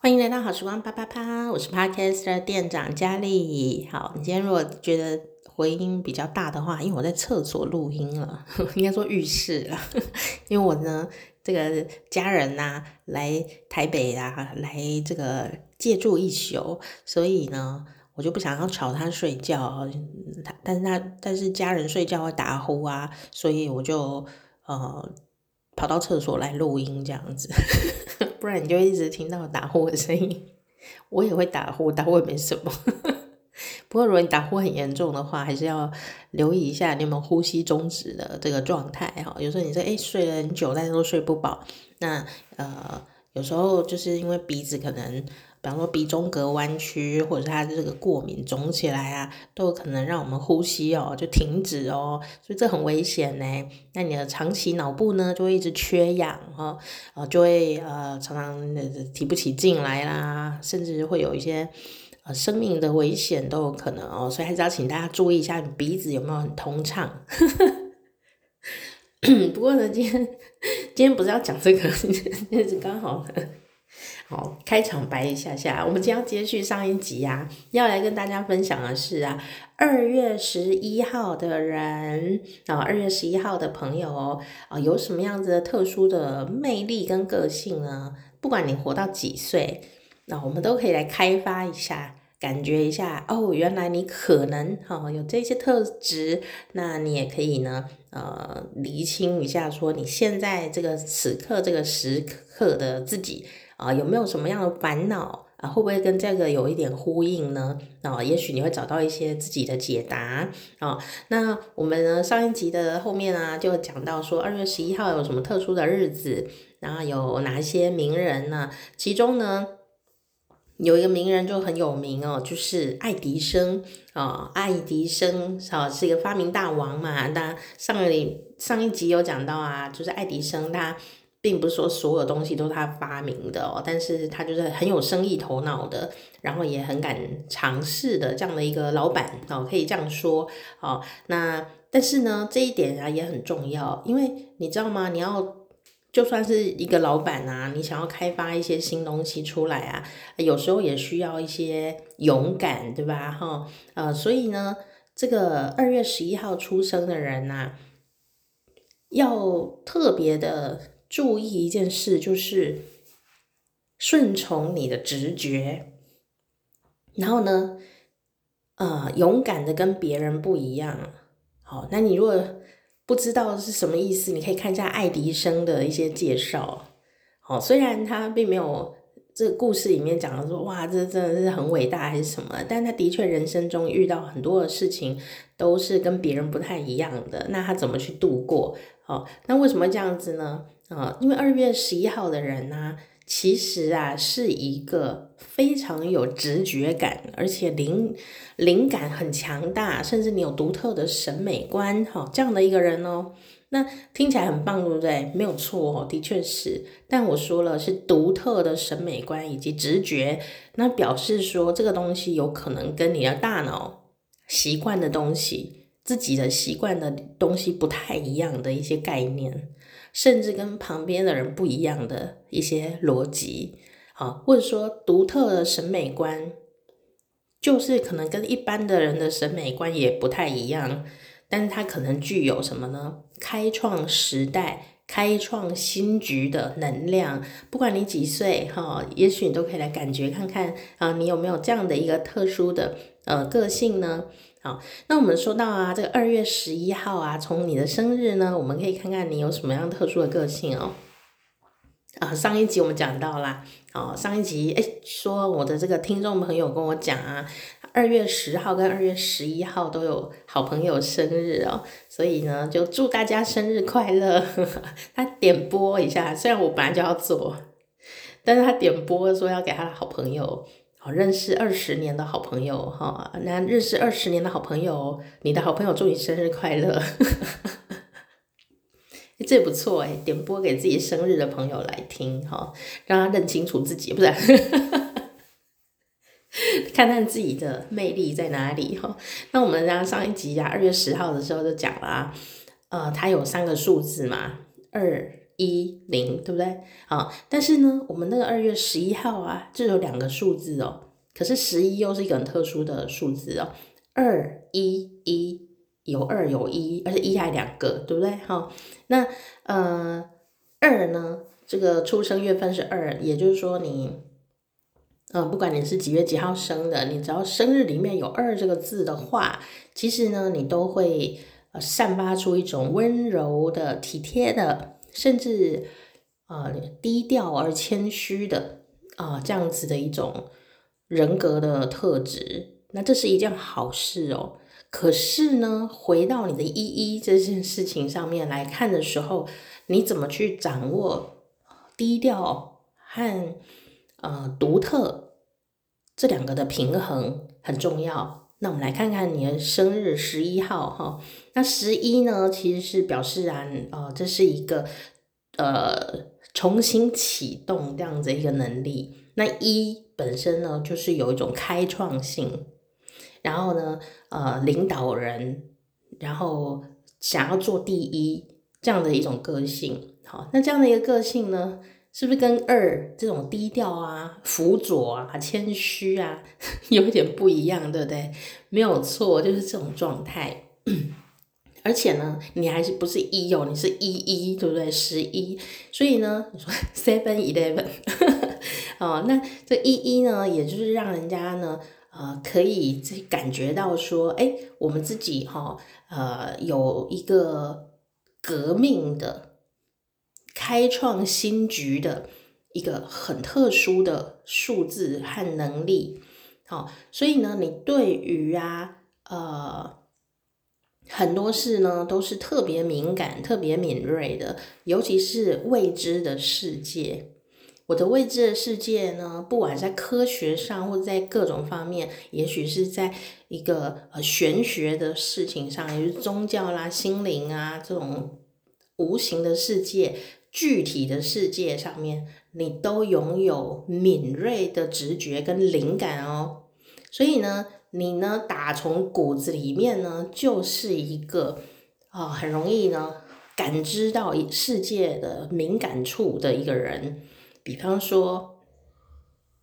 歡迎來到好時光啪啪啪，啪，我是 Podcast 的店長佳麗。好，你今天如果覺得回音比較大的話，因為我在廁所錄音了，應該說浴室了，因為我呢，這個家人吶、啊、來台北啊，來這個借住一宿，所以呢，我就不想要吵他睡覺。他，但是他，但是家人睡覺會打呼啊，所以我就呃跑到廁所來錄音這樣子。不然你就一直聽到打呼的聲音，我也會打呼，打呼也沒什麼。 不過如果你打呼很嚴重的話，還是要留意一下你有沒有呼吸中止的這個狀態哈。有時候你說誒、欸，睡了很久，但是都睡不飽，那呃有時候就是因為鼻子可能。比方說鼻中隔彎曲，或者是它這個過敏腫起來啊，都有可能讓我們呼吸哦、喔、就停止哦、喔，所以這很危險呢、欸。那你的長期腦部呢，就會一直缺氧哦、喔，呃，就會呃常常提不起勁來啦，甚至會有一些呃生命的危險都有可能哦、喔。所以還是要請大家注意一下，你鼻子有沒有很通暢？ 不過呢，今天今天不是要講這個，今天是剛 好。好、哦，開場白一下下，我們今天要接續上一集啊，要來跟大家分享的是啊，二月十一號的人啊，二、哦、月十一號的朋友哦，哦，有什麼樣子的特殊的魅力跟個性呢？不管你活到幾歲，那、哦、我們都可以來開發一下，感覺一下哦，原來你可能哈、哦、有這些特質，那你也可以呢，呃，釐清一下，說你現在這個此刻這個時刻的自己。啊，有沒有什麼樣的煩惱啊？會不會跟這個有一點呼應呢？啊，也許你會找到一些自己的解答啊。那我們呢，上一集的後面啊，就講到說二月十一號有什麼特殊的日子，然後有哪些名人呢？其中呢，有一個名人就很有名哦，就是愛迪生啊。愛迪生啊是一個發明大王嘛。那上一上一集有講到啊，就是愛迪生他。並不是說所有東西都是他發明的哦，但是他就是很有生意頭腦的，然後也很敢嘗試的這樣的一個老板哦，可以這樣說哦。那但是呢，這一點啊也很重要，因為你知道嗎？你要就算是一個老板啊，你想要開發一些新東西出來啊，有時候也需要一些勇敢，對吧？哈，呃，所以呢，這個二月十一號出生的人吶，要特別的。注意一件事，就是順從你的直覺，然後呢，呃，勇敢的跟別人不一樣。好，那你如果不知道是什麼意思，你可以看一下愛迪生的一些介紹。好，雖然他並沒有這故事裡面講的說哇，這真的是很偉大還是什麼，但他的確人生中遇到很多的事情都是跟別人不太一樣的。那他怎麼去度過？好，那為什麼這樣子呢？呃、嗯，因為二月十一號的人呢，啊，其實啊是一個非常有直覺感，而且靈靈感很強大，甚至你有獨特的審美觀，哈，哦，這樣的一個人哦。那聽起來很棒，對不對？沒有錯，哦，的確是。但我說了，是獨特的審美觀以及直覺，那表示說這個東西有可能跟你的大腦習慣的東西，自己的習慣的東西不太一樣的一些概念。甚至跟旁邊的人不一樣的一些邏輯，啊，或者說獨特的審美觀，就是可能跟一般的人的審美觀也不太一樣。但是，他可能具有什麼呢？開創時代、開創新局的能量。不管你幾歲，哈、啊，也許你都可以來感覺看看，啊，你有沒有這樣的一個特殊的呃個性呢？好，那我們說到啊，這個二月十一號啊，從你的生日呢，我們可以看看你有什麼樣特殊的個性哦、喔。啊，上一集我們講到啦，哦、啊，上一集哎、欸，說我的這個聽眾朋友跟我講啊，二月十號跟二月十一號都有好朋友生日哦、喔，所以呢，就祝大家生日快樂。 他點播一下，雖然我本來就要做，但是他點播說要給他的好朋友。好，認識二十年的好朋友哈，那、哦、認識二十年的好朋友，你的好朋友祝你生日快樂， 這不錯誒，點播給自己生日的朋友來聽哈、哦，讓他認清楚自己，不是， 看看自己的魅力在哪裡哈、哦。那我們一上一集呀、啊，二月十號的時候就講了、啊，呃，他有三個數字嘛，二。一零對不對啊？好，但是呢，我們那個二月十一號啊，這有兩個數字哦。可是十一又是一個很特殊的數字哦。二一一有二有一，而且一還兩個，對不對哈？那呃二呢？這個出生月份是二，也就是說你，嗯、呃，不管你是幾月幾號生的，你只要生日裡面有二這個字的話，其實呢，你都會散發出一種溫柔的、體貼的。甚至，啊、呃、低調而謙虛的啊、呃，這樣子的一種人格的特質，那這是一件好事哦。可是呢，回到你的一一這件事情上面來看的時候，你怎麼去掌握低調和呃獨特這兩個的平衡，很重要。那我們來看看你的生日十一號哈，那十一呢，其實是表示然、啊、呃，這是一個呃重新啟動這樣子一個能力，那一本身呢，就是有一種開創性，然後呢，呃，領導人，然後想要做第一這樣的一種個性，好，那這樣的一個個性呢，是不是跟二這種低調啊、輔佐啊、謙虛啊有點不一樣，對不對？沒有錯，就是這種狀態。 而且呢，你還是不是一有、哦，你是一一，對不對？十一，所以呢，你說 Seven Eleven 哦，那這一一呢，也就是讓人家呢，呃，可以感覺到說，哎、欸，我們自己哈、哦，呃，有一個革命的。開創新局的一個很特殊的數字和能力，好、哦，所以呢，你對於啊，呃，很多事呢都是特別敏感、特別敏銳的，尤其是未知的世界。我的未知的世界呢，不管在科學上，或者在各種方面，也許是在一個呃玄學的事情上，也就是宗教啦、啊、心靈啊這種無形的世界。具體的世界上面，你都擁有敏銳的直覺跟靈感哦。所以呢，你呢，打從骨子裡面呢，就是一個啊、哦，很容易呢感知到世界的敏感處的一個人。比方說，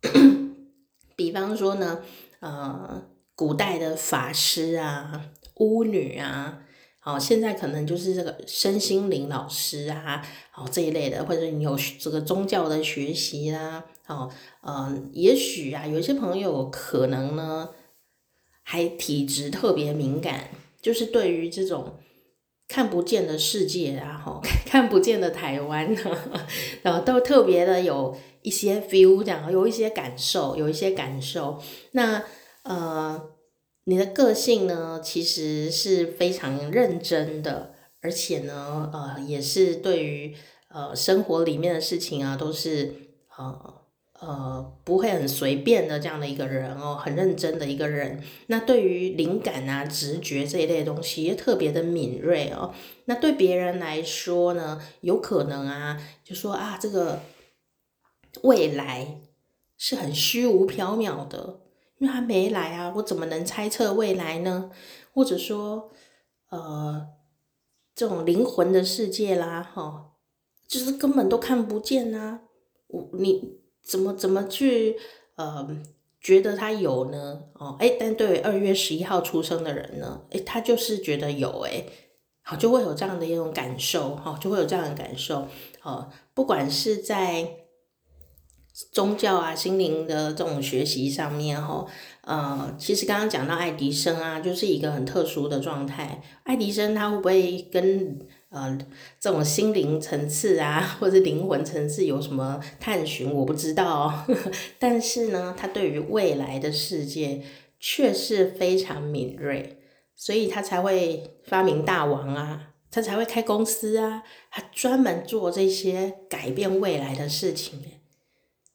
比方說呢，呃，古代的法師啊，巫女啊。哦，現在可能就是這個身心靈老師啊，哦，這一類的，或者你有這個宗教的學習啦、啊，哦，嗯、呃，也許啊，有些朋友可能呢，還體質特別敏感，就是對於這種看不見的世界、啊，然、哦、後看不見的台灣，然後都特別的有一些 feel 這樣，有一些感受，有一些感受，那呃。你的個性呢，其實是非常認真的，而且呢，呃，也是對於呃生活裡面的事情啊，都是呃呃不會很隨便的這樣的一個人哦，很認真的一個人。那對於靈感啊、直覺這一類東西，也特別的敏銳哦。那對別人來說呢，有可能啊，就說啊，這個未來是很虛無縹緲的。因為他沒來啊，我怎麼能猜測未來呢？或者說，呃，這種靈魂的世界啦，哈、哦，就是根本都看不見啊。我你怎麼怎麼去呃，覺得他有呢？哦，哎，但對於二月十一號出生的人呢，哎，他就是覺得有、欸，哎，好就會有這樣的一種感受，哈、哦，就會有這樣的感受，哦，不管是在。宗教啊，心靈的這種學習上面吼，呃，其實剛剛講到愛迪生啊，就是一個很特殊的狀態。愛迪生他會不會跟呃這種心靈層次啊，或者靈魂層次有什麼探尋？我不知道喔。 但是呢，他對於未來的世界卻是非常敏銳，所以他才會發明大王啊，他才會開公司啊，他專門做這些改變未來的事情。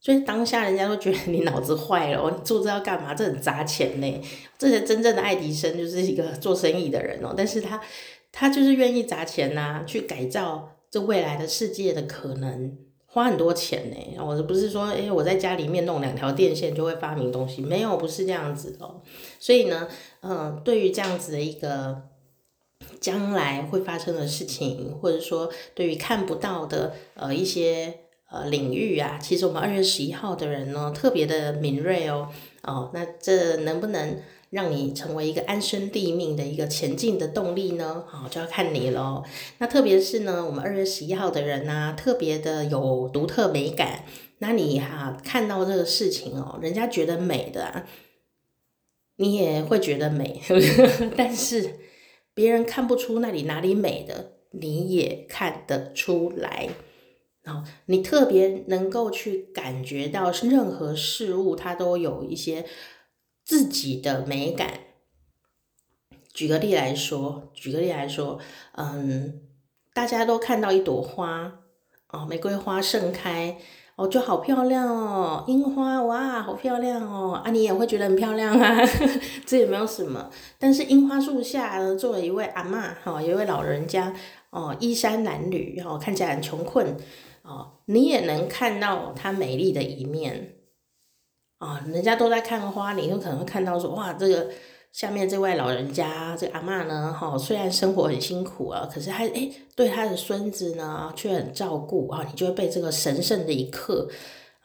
所以當下人家都覺得你腦子壞了哦，你做這要幹嘛？這很砸錢呢。這些真正的愛迪生就是一個做生意的人哦，但是他他就是願意砸錢吶、啊，去改造這未來的世界的可能，花很多錢呢。我、哦、不是說誒、欸、我在家裡面弄兩條電線就會發明東西，沒有，不是這樣子哦。所以呢，嗯、呃，對於這樣子的一個將來會發生的事情，或者說對於看不到的呃一些。呃，領域啊，其實我們二月十一號的人呢，特別的敏銳哦，哦，那這能不能讓你成為一個安身立命的一個前進的動力呢？好、哦，就要看你嘍。那特別是呢，我們二月十一號的人呢、啊，特別的有獨特美感。那你哈、啊、看到這個事情哦，人家覺得美的、啊，你也會覺得美， 但是別人看不出那裡哪裡美的，你也看得出來。然後、哦、你特別能夠去感覺到，任何事物它都有一些自己的美感。舉個例來說，舉個例來說，嗯，大家都看到一朵花，哦，玫瑰花盛開，哦，就好漂亮哦。櫻花，哇，好漂亮哦。啊，你也會覺得很漂亮啊，呵呵這也沒有什麼。但是櫻花樹下呢，坐了一位阿嬤，哈、哦，有一位老人家，哦，衣衫襤褸，然後、哦、看起來很窮困。哦，你也能看到她美麗的一面啊，哦，人家都在看花，你就可能會看到說：哇，這個下面這位老人家，這個阿嬤呢，好、哦、雖然生活很辛苦啊，可是她……欸，對他的孫子呢卻很照顧啊，哦，你就會被這個神聖的一刻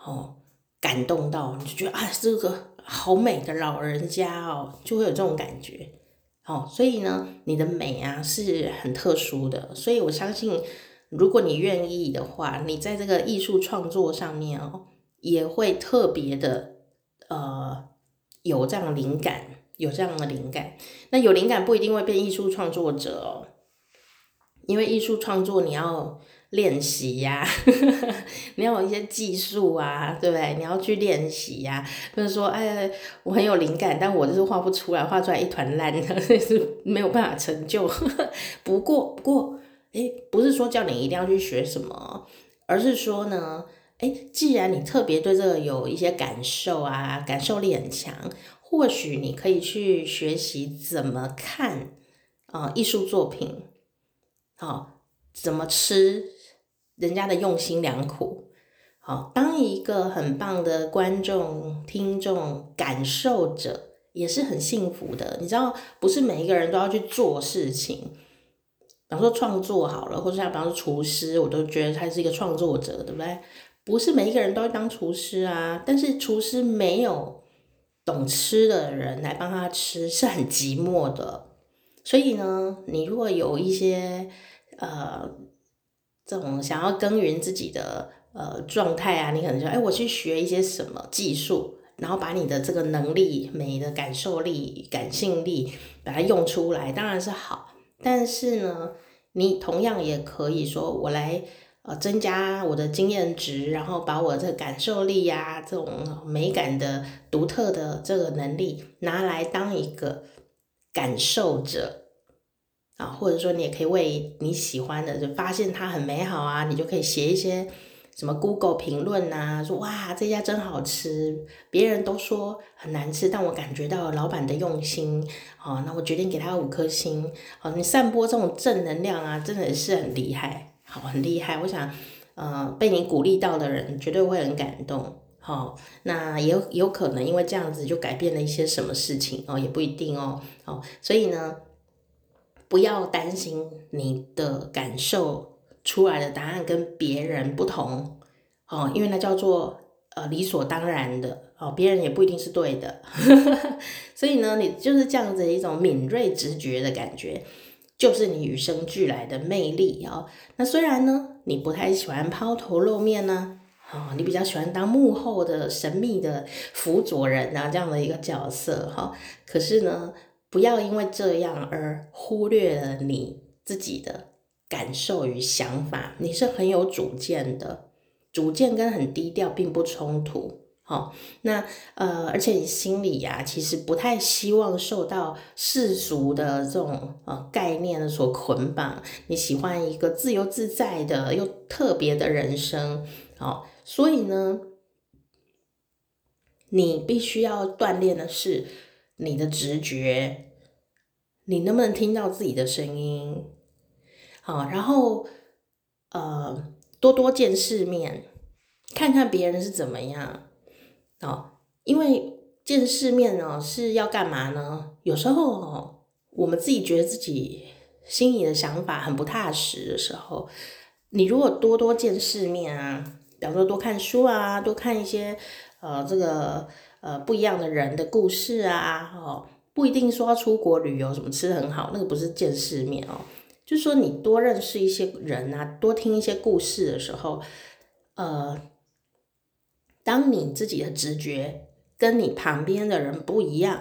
哦感動到，你就覺得啊，這個好美的老人家哦，就會有這種感覺哦。所以呢，你的美啊是很特殊的，所以我相信。如果你願意的話，你在這個藝術創作上面哦，也會特別的呃有這樣的靈感，有這樣的靈感。那有靈感不一定會變藝術創作者哦，因為藝術創作你要練習呀， 你要有一些技術啊，對不對？你要去練習呀、啊。就是說哎，我很有靈感，但我就是畫不出來，畫出來一團爛的，這是沒有辦法成就。 不過，不過。哎，不是說叫你一定要去學什麼，而是說呢，哎，既然你特別對這個有一些感受啊，感受力很強，或許你可以去學習怎麼看啊、呃、藝術作品，好、哦，怎麼吃人家的用心良苦，好、哦，當一個很棒的觀眾、聽眾、感受者也是很幸福的。你知道，不是每一個人都要去做事情。比方說創作好了，或者像比方說廚師，我都覺得他是一個創作者，對不對？不是每一個人都會當廚師啊，但是廚師沒有懂吃的人來幫他吃是很寂寞的。所以呢，你如果有一些呃這種想要耕耘自己的呃狀態啊，你可能就哎、欸、我去學一些什麼技術，然後把你的這個能力、美的感受力、感性力把它用出來，當然是好。但是呢，你同樣也可以說，我來呃增加我的經驗值，然後把我的感受力呀、啊，這種美感的獨特的這個能力拿來當一個感受者啊，或者說你也可以為你喜歡的，就發現它很美好啊，你就可以寫一些。什麼 Google 評論吶、啊？說哇這家真好吃，別人都說很難吃，但我感覺到老板的用心，哦，那我決定給他五顆星。哦，你散播這種正能量啊，真的是很厲害，好很厲害。我想，呃，被你鼓勵到的人絕對會很感動。好，那也有，有可能因為這樣子就改變了一些什麼事情哦，也不一定哦。哦，所以呢，不要擔心你的感受。出來的答案跟別人不同哦，因為那叫做呃理所當然的哦，別人也不一定是對的， 所以呢，你就是這樣子一種敏銳直覺的感覺，就是你與生俱來的魅力哦。那雖然呢，你不太喜歡拋頭露面呢、啊，哦，你比較喜歡當幕後的神秘的輔佐人啊這樣的一個角色哈、哦，可是呢，不要因為這樣而忽略了你自己的。感受與想法，你是很有主見的，主見跟很低調並不衝突。好，那呃，而且你心裡呀，其實不太希望受到世俗的這種呃概念的所捆綁。你喜歡一個自由自在的又特別的人生。好，所以呢，你必須要鍛鍊的是你的直覺，你能不能聽到自己的聲音？好、哦，然後呃，多多見世面，看看別人是怎麼樣。哦，因為見世面呢是要幹嘛呢？有時候我們自己覺得自己心裡的想法很不踏實的時候，你如果多多見世面啊，比方說多看書啊，多看一些呃這個呃不一樣的人的故事啊，哦，不一定說要出國旅遊什麼，吃的很好，那個不是見世面哦。就是說你多認識一些人啊，多聽一些故事的時候，呃，當你自己的直覺跟你旁邊的人不一樣，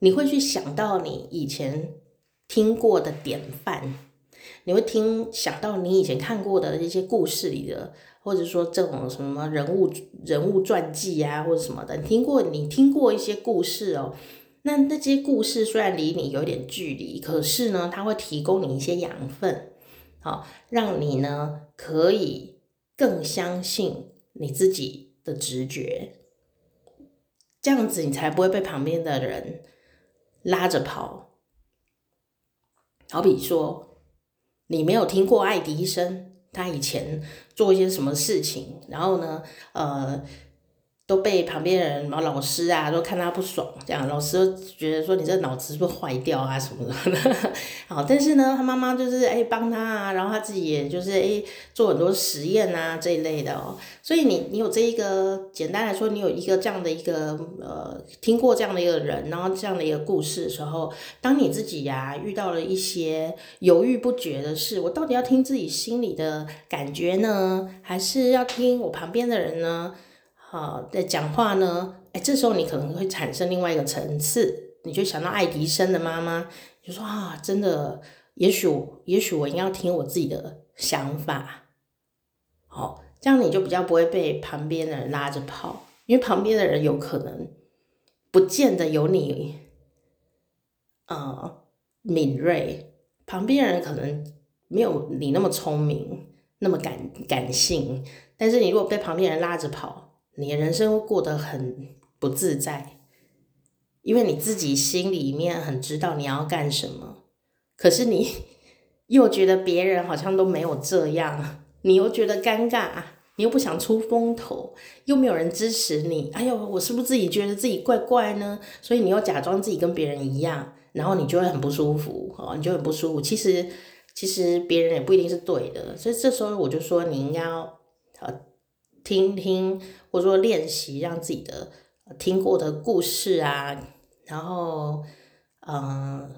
你會去想到你以前聽過的典範，你會聽想到你以前看過的一些故事裡的，或者說這種什麼人物，人物傳記啊，或者什麼的，聽過你聽過一些故事哦。那那些故事雖然離你有點距離，可是呢，它會提供你一些養分，好，哦，讓你呢可以更相信你自己的直覺，這樣子你才不會被旁邊的人拉着跑。好比說，你沒有聽過愛迪生，他以前做一些什麼事情，然後呢，呃。都被旁邊人，然後老師啊，都看他不爽，這樣老師就覺得說你這腦子是壞掉啊什麼什麼的。好，但是呢，他媽媽就是哎、欸、幫他啊，然後他自己也就是哎、欸、做很多實驗啊這一類的哦。所以你你有這一個，簡單來說，你有一個這樣的一個呃聽過這樣的一個人，然後這樣的一個故事的時候，當你自己呀、啊、遇到了一些猶豫不決的事，我到底要聽自己心裡的感覺呢，還是要聽我旁邊的人呢？好，在講話呢，哎、欸，這時候你可能會產生另外一個層次，你就想到愛迪生的媽媽，你就說啊，真的，也許，也許我應該要聽我自己的想法，好，這樣你就比較不會被旁邊的人拉着跑，因為旁邊的人有可能不見得有你，呃，敏銳，旁邊人可能沒有你那麼聰明，那麼感感性，但是你如果被旁邊人拉着跑，你的人生會過得很不自在，因為你自己心裡面很知道你要幹什麼，可是你又覺得別人好像都沒有這樣，你又覺得尷尬，你又不想出風頭，又沒有人支持你，哎呦，我是不是自己覺得自己怪怪呢？所以你又假裝自己跟別人一樣，然後你就會很不舒服，哦，你就很不舒服。其實，其實別人也不一定是對的，所以這時候我就說你應該，呃。聽聽，或者說練習，讓自己的聽過的故事啊，然後呃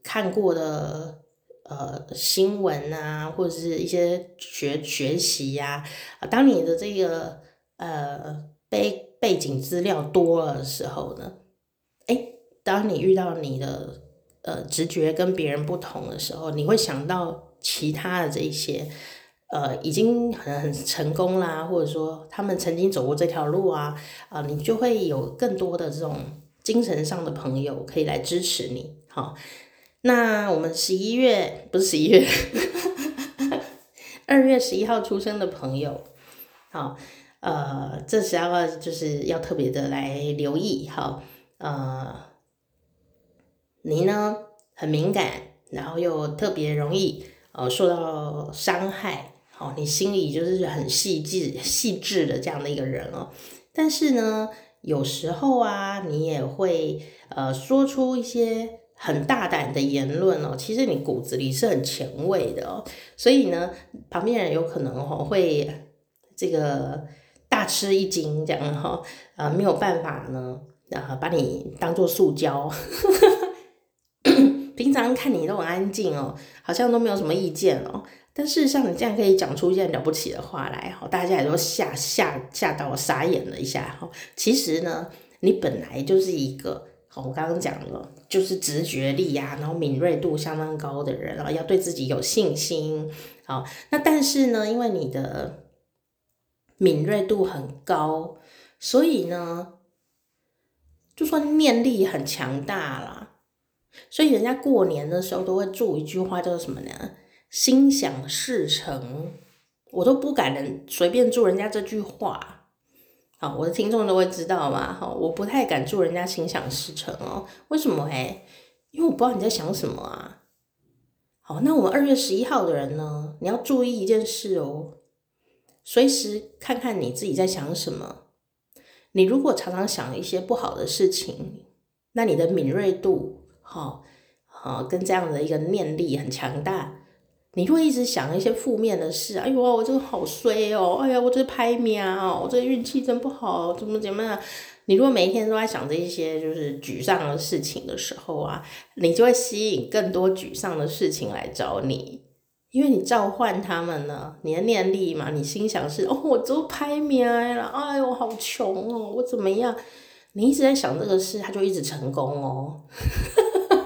看過的呃新聞啊，或者是一些學學習呀啊。當你的這個呃背背景資料多了的時候呢，哎，當你遇到你的呃直覺跟別人不同的時候，你會想到其他的這一些。呃，已經很很成功啦、啊，或者說他們曾經走過這條路啊，啊、呃，你就會有更多的這種精神上的朋友可以來支持你。好，那我們十一月不是十一月，二 月十一號出生的朋友，好，呃，這時候就是要特別的來留意哈，呃，你呢很敏感，然後又特別容易呃受到傷害。哦，你心裡就是很細緻、細緻的這樣的一個人哦。但是呢，有時候啊，你也會呃說出一些很大膽的言論哦。其實你骨子裡是很前衛的哦。所以呢，旁邊人有可能哦會這個大吃一驚、哦，這樣哈啊沒有辦法呢啊、呃、把你當做塑膠。 平常看你都很安靜哦，好像都沒有什麼意見哦。但事實上，你這樣可以講出一些了不起的話來，大家也都嚇嚇嚇到我傻眼了一下，其實呢，你本來就是一個，哈，我剛剛講了，就是直覺力呀、啊，然後敏銳度相當高的人，然後要對自己有信心，好。那但是呢，因為你的敏銳度很高，所以呢，就算念力很強大啦，所以人家過年的時候都會祝一句話，叫做什麼呢？心想事成，我都不敢能隨便祝人家這句話。好，我的聽眾都會知道吧？哈，我不太敢祝人家心想事成哦。為什麼、欸？哎，因為我不知道你在想什麼啊。好，那我們二月十一號的人呢？你要注意一件事哦，隨時看看你自己在想什麼。你如果常常想一些不好的事情，那你的敏銳度，哈，啊，跟這樣的一個念力很強大。你就會一直想一些負面的事，哎呦，我真好衰哦、喔！哎呀，我真拍苗哦！我這運氣、喔、真不好，怎麼怎麼樣？你如果每天都在想這一些就是沮喪的事情的時候啊，你就會吸引更多沮喪的事情來找你，因為你召喚他們呢，你的念力嘛，你心想是哦，我都拍苗了，哎呦，好窮哦、喔，我怎麼樣？你一直在想這個事，他就一直成功哦、喔。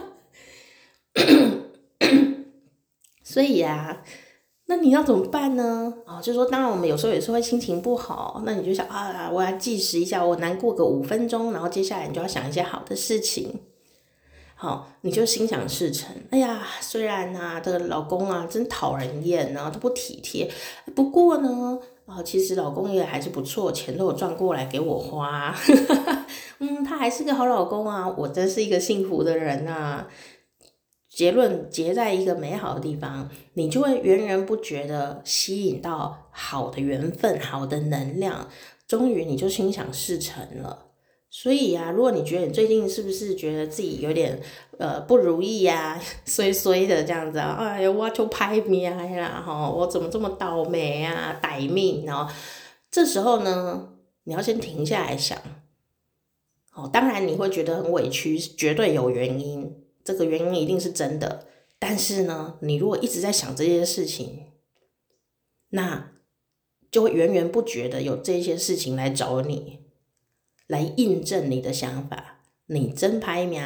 所以呀、啊，那你要怎麼辦呢？哦，就是說，當然我們有時候也是會心情不好，那你就想啊，我要計時一下，我難過個五分鐘，然後接下來你就要想一些好的事情，好、哦，你就心想事成。哎呀，雖然呢、啊，這個老公啊真討人厭，然後他不體貼，不過呢，啊、哦，其實老公也還是不錯，錢都有賺過來給我花， 嗯，他還是個好老公啊，我真是一個幸福的人啊。結論結在一個美好的地方，你就會源源不絕的吸引到好的緣分、好的能量，終於你就心想事成了。所以啊，如果你覺得你最近是不是覺得自己有點呃不如意呀、啊，衰衰的這樣子啊，哎呀挖就拍面呀，然後我怎麼這麼倒霉啊，歹命啊。這時候呢，你要先停下來想，哦，當然你會覺得很委屈，絕對有原因。這個原因一定是真的，但是呢，你如果一直在想這些事情，那就會源源不絕的有這些事情來找你，來印證你的想法。你真歹命？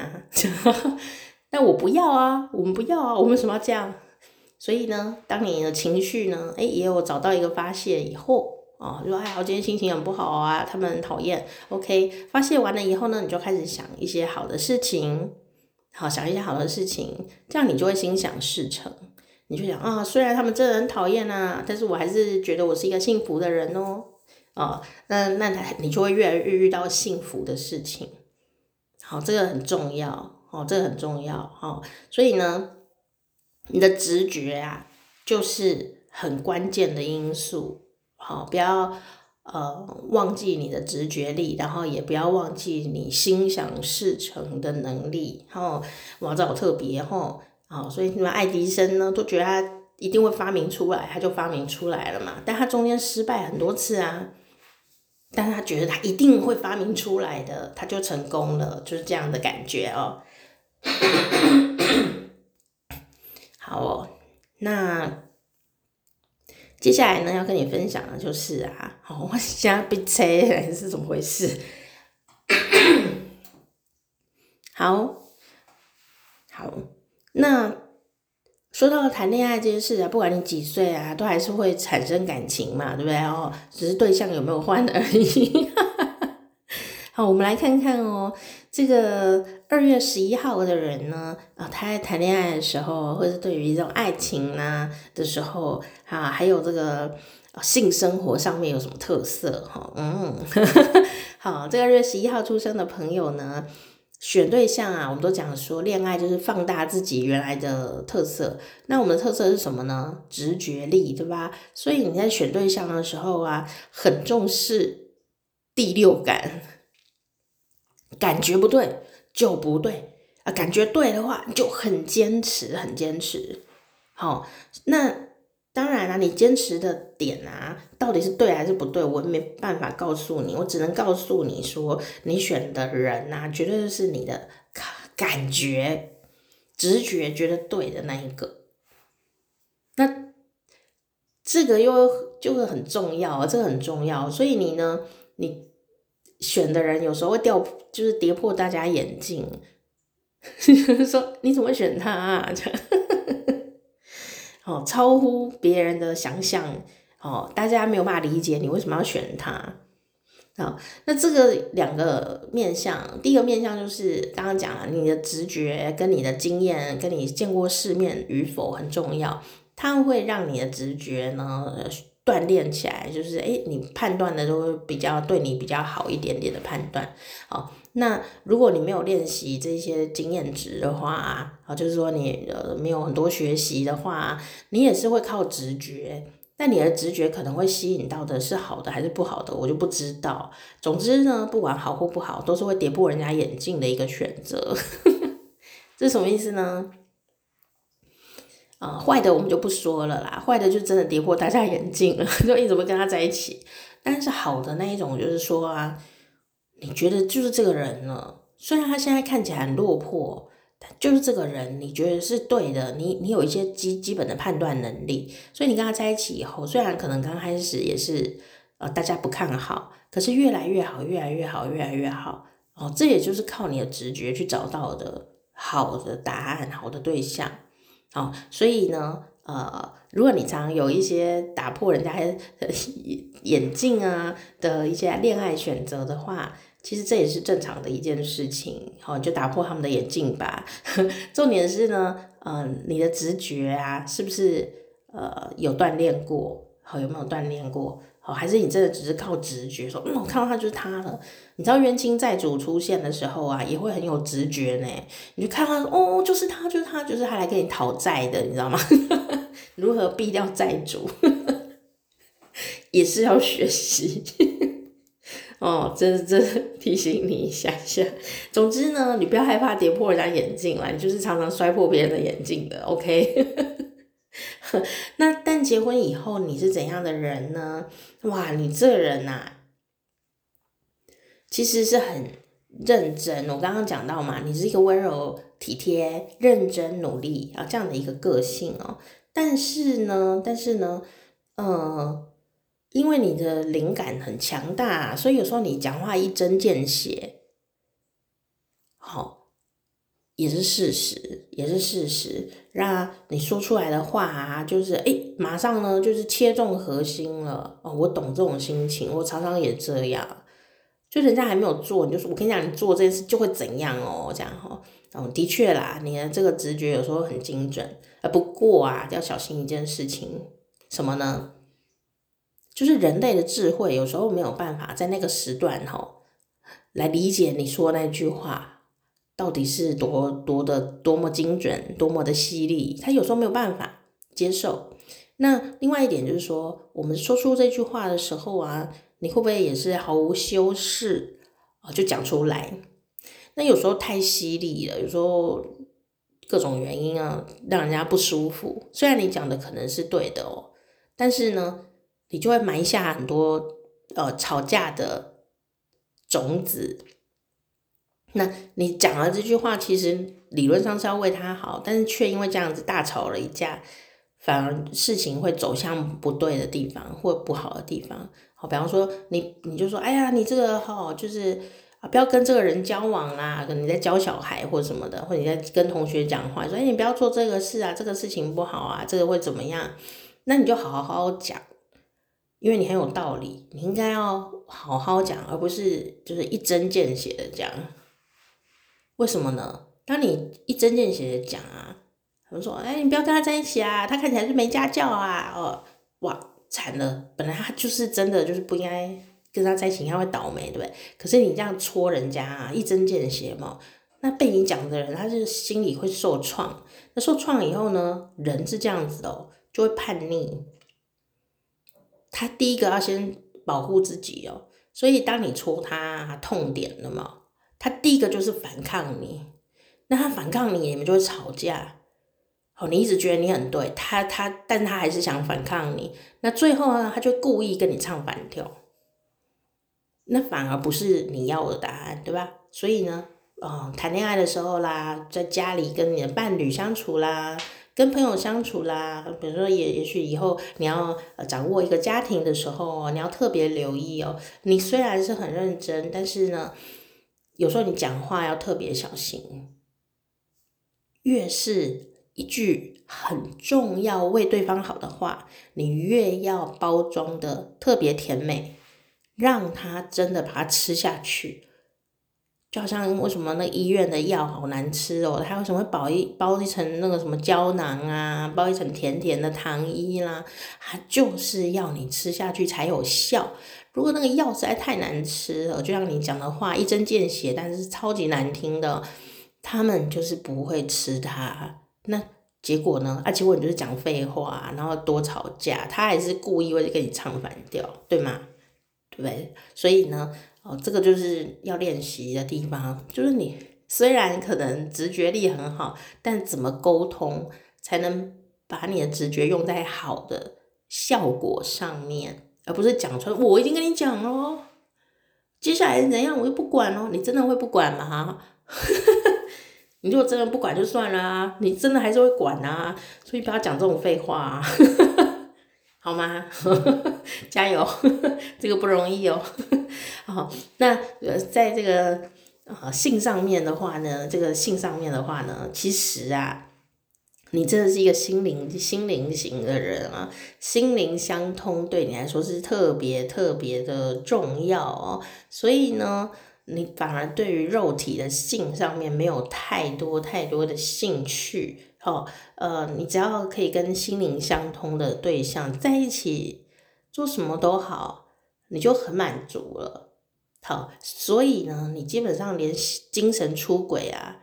那 我不要啊，我們不要啊，我們為什麼要這樣？ 所以呢，當你的情緒呢，誒，也有找到一個發洩以後，哦，如果哎，我今天心情很不好啊，他們很討厭。OK，發洩完了以後呢，你就開始想一些好的事情。好，想一些好的事情，這樣你就會心想事成。你就想啊、哦，雖然他們真的很討厭啊，但是我還是覺得我是一個幸福的人哦、喔。哦，那那你就會越來越遇到幸福的事情。好，這個很重要哦，這個很重要哦。所以呢，你的直覺啊，就是很關鍵的因素。好、哦，不要。呃，忘記你的直覺力，然後也不要忘記你心想事成的能力。然後我這好特別，吼、哦，啊所以什麼愛迪生呢，都覺得他一定會發明出來，他就發明出來了嘛。但他中間失敗很多次啊，但是他覺得他一定會發明出來的，他就成功了，就是這樣的感覺哦。 好哦，那。接下來呢，要跟你分享的就是啊，好，我現在被車是怎麼回事？ 好，好，那說到談戀愛這件事啊，不管你幾歲啊，都還是會產生感情嘛，對不對？哦，只是對象有沒有換而已。 好，我們來看看哦、喔。這個二月十一號的人呢，啊、哦，他在談戀愛的時候，或者對於這種愛情呢、啊、的時候，啊，還有這個性生活上面有什麼特色？哈、哦，嗯， 好，這個二月十一號出生的朋友呢，選對象啊，我們都講說戀愛就是放大自己原來的特色。那我們的特色是什麼呢？直覺力，對吧？所以你在選對象的時候啊，很重視第六感。感覺不對就不對啊，感覺對的話就很堅持，很堅持。好、哦，那當然了、啊，你堅持的點啊，到底是對還是不對，我沒辦法告訴你，我只能告訴你說，你選的人啊，絕對就是你的感覺、直覺覺得對的那一個。那這個又就會很重要，這個很重要，所以你呢，你。選的人有時候會掉，就是跌破大家眼鏡，就 是說你怎麼選他啊？哦， 超乎別人的想象哦，大家沒有辦法理解你為什麼要選他啊。那這個兩個面向，第一個面向就是剛剛講了，你的直覺跟你的經驗，跟你見過世面與否很重要，它會讓你的直覺呢。鍛鍊起來，就是哎，你判斷的都比較對，你比較好一點點的判斷。哦，那如果你沒有練習這些經驗值的話，啊，就是說你呃沒有很多學習的話，你也是會靠直覺。但你的直覺可能會吸引到的是好的還是不好的，我就不知道。總之呢，不管好或不好，都是會跌破人家眼鏡的一個選擇。 這什麼意思呢？啊，壞、呃、的，我們就不說了啦，壞的就真的跌破大家眼鏡了，就一直會跟他在一起。但是好的那一種，就是說啊，你覺得就是這個人呢，雖然他現在看起來很落魄，但就是這個人，你覺得是對的，你你有一些基基本的判斷能力，所以你跟他在一起以後，雖然可能剛開始也是呃大家不看好，可是越來越好，越來越好，越來越好。哦、呃，這也就是靠你的直覺去找到的好的答案，好的對象。好，所以呢，呃，如果你常有一些打破人家的眼鏡啊的一些戀愛選擇的話，其實這也是正常的一件事情。好，就打破他們的眼鏡吧。 重點是呢，嗯、呃，你的直覺啊，是不是呃有鍛鍊過？好，有沒有鍛鍊過？哦，還是你真的只是靠直覺說，嗯，我看到他就是他了。你知道冤親債主出現的時候啊，也會很有直覺呢。你就看到他說哦，就是他，就是他，就是他，就是他來跟你討債的，你知道嗎？ 如何避掉債主 也是要學習。 哦，真的真的提醒你一下一下。總之呢，你不要害怕跌破人家眼鏡了，你就是常常摔破別人的眼鏡的。OK， 那但結婚以後你是怎樣的人呢？哇，你這人吶，其實是很認真。我剛剛講到嘛，你是一個溫柔、體貼、認真、努力啊這樣的一個個性哦。但是呢，但是呢，呃，因為你的靈感很強大，所以有時候你講話一針見血，好。也是事實，也是事實。讓你說出來的話啊，就是誒、欸，馬上呢，就是切中核心了哦。我懂這種心情，我常常也這樣。就人家還沒有做，你就說、是，我跟你講，你做這件事就會怎樣哦，這樣哦。嗯，的確啦，你的這個直覺有時候很精準。啊，不過啊，要小心一件事情，什麼呢？就是人類的智慧有時候沒有辦法在那個時段哈來理解你說那句話。到底是多多的多麼精準，多麼的犀利，他有時候沒有辦法接受。那另外一點就是說，我們說出這句話的時候啊，你會不會也是毫無修飾啊就講出來？那有時候太犀利了，有時候各種原因啊，讓人家不舒服。雖然你講的可能是對的哦，但是呢，你就會埋下很多呃吵架的種子。那你講了這句話，其實理論上是要為他好，但是卻因為這樣子大吵了一架，反而事情會走向不對的地方或不好的地方。好，比方說你你就說，哎呀，你這個好就是啊，不要跟這個人交往啦。可能你在教小孩或什麼的，或你在跟同學講話，說，哎，你不要做這個事啊，這個事情不好啊，這個會怎麼樣？那你就好好好講，因為你很有道理，你應該要好好講，而不是就是一針見血的講。為什麼呢？當你一針見血講啊，他們說：“哎、欸，你不要跟他在一起啊，他看起來就是沒家教啊。”哦，哇，慘了！本來他就是真的，就是不應該跟他在一起，他會倒霉，對不對？可是你這樣戳人家啊，一針見血嘛，那被你講的人，他就心裡會受創。那受創以後呢，人是這樣子的哦、喔，就會叛逆。他第一個要先保護自己哦、喔，所以當你戳他痛點了嘛。他第一個就是反抗你，那他反抗你，你們就會吵架。哦，你一直覺得你很對，他他，但他還是想反抗你。那最後呢，他就故意跟你唱反調，那反而不是你要的答案，對吧？所以呢，哦，談戀愛的時候啦，在家裡跟你的伴侶相處啦，跟朋友相處啦，比如說也也許以後你要掌握一個家庭的時候，你要特別留意哦。你雖然是很認真，但是呢。有時候你講話要特別小心，越是一句很重要為對方好的話，你越要包裝的特別甜美，讓他真的把它吃下去。就好像為什麼那醫院的藥好難吃哦？它為什麼會包一包一層那個什麼膠囊啊，包一層甜甜的糖衣啦，啊，它，啊，就是要你吃下去才有效。如果那個藥實在太難吃了，就像你講的話，一針見血，但是超級難聽的，他們就是不會吃它。那結果呢？啊，結果你就是講廢話，然後多吵架，他還是故意會跟你唱反調，對嗎？對，對，所以呢？哦，這個就是要練習的地方。就是你雖然可能直覺力很好，但怎麼溝通才能把你的直覺用在好的效果上面，而不是講出來，我已經跟你講了，接下來怎樣我又不管嘍？你真的會不管嗎？ 你如果真的不管就算了啊，你真的還是會管啊，所以不要講這種廢話啊。 好嗎？ 加油， 這個不容易哦。 好，那呃，在這個啊，性上面的話呢，這個性上面的話呢，其實啊，你真的是一個心靈心靈型的人啊，心靈相通對你來說是特別特別的重要哦。所以呢，你反而對於肉體的性上面沒有太多太多的興趣。哦，呃，你只要可以跟心靈相通的對象在一起，做什麼都好，你就很滿足了。好，所以呢，你基本上連精神出軌啊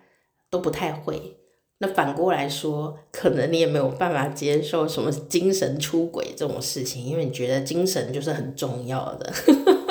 都不太會。那反過來說，可能你也沒有辦法接受什麼精神出軌這種事情，因為你覺得精神就是很重要的。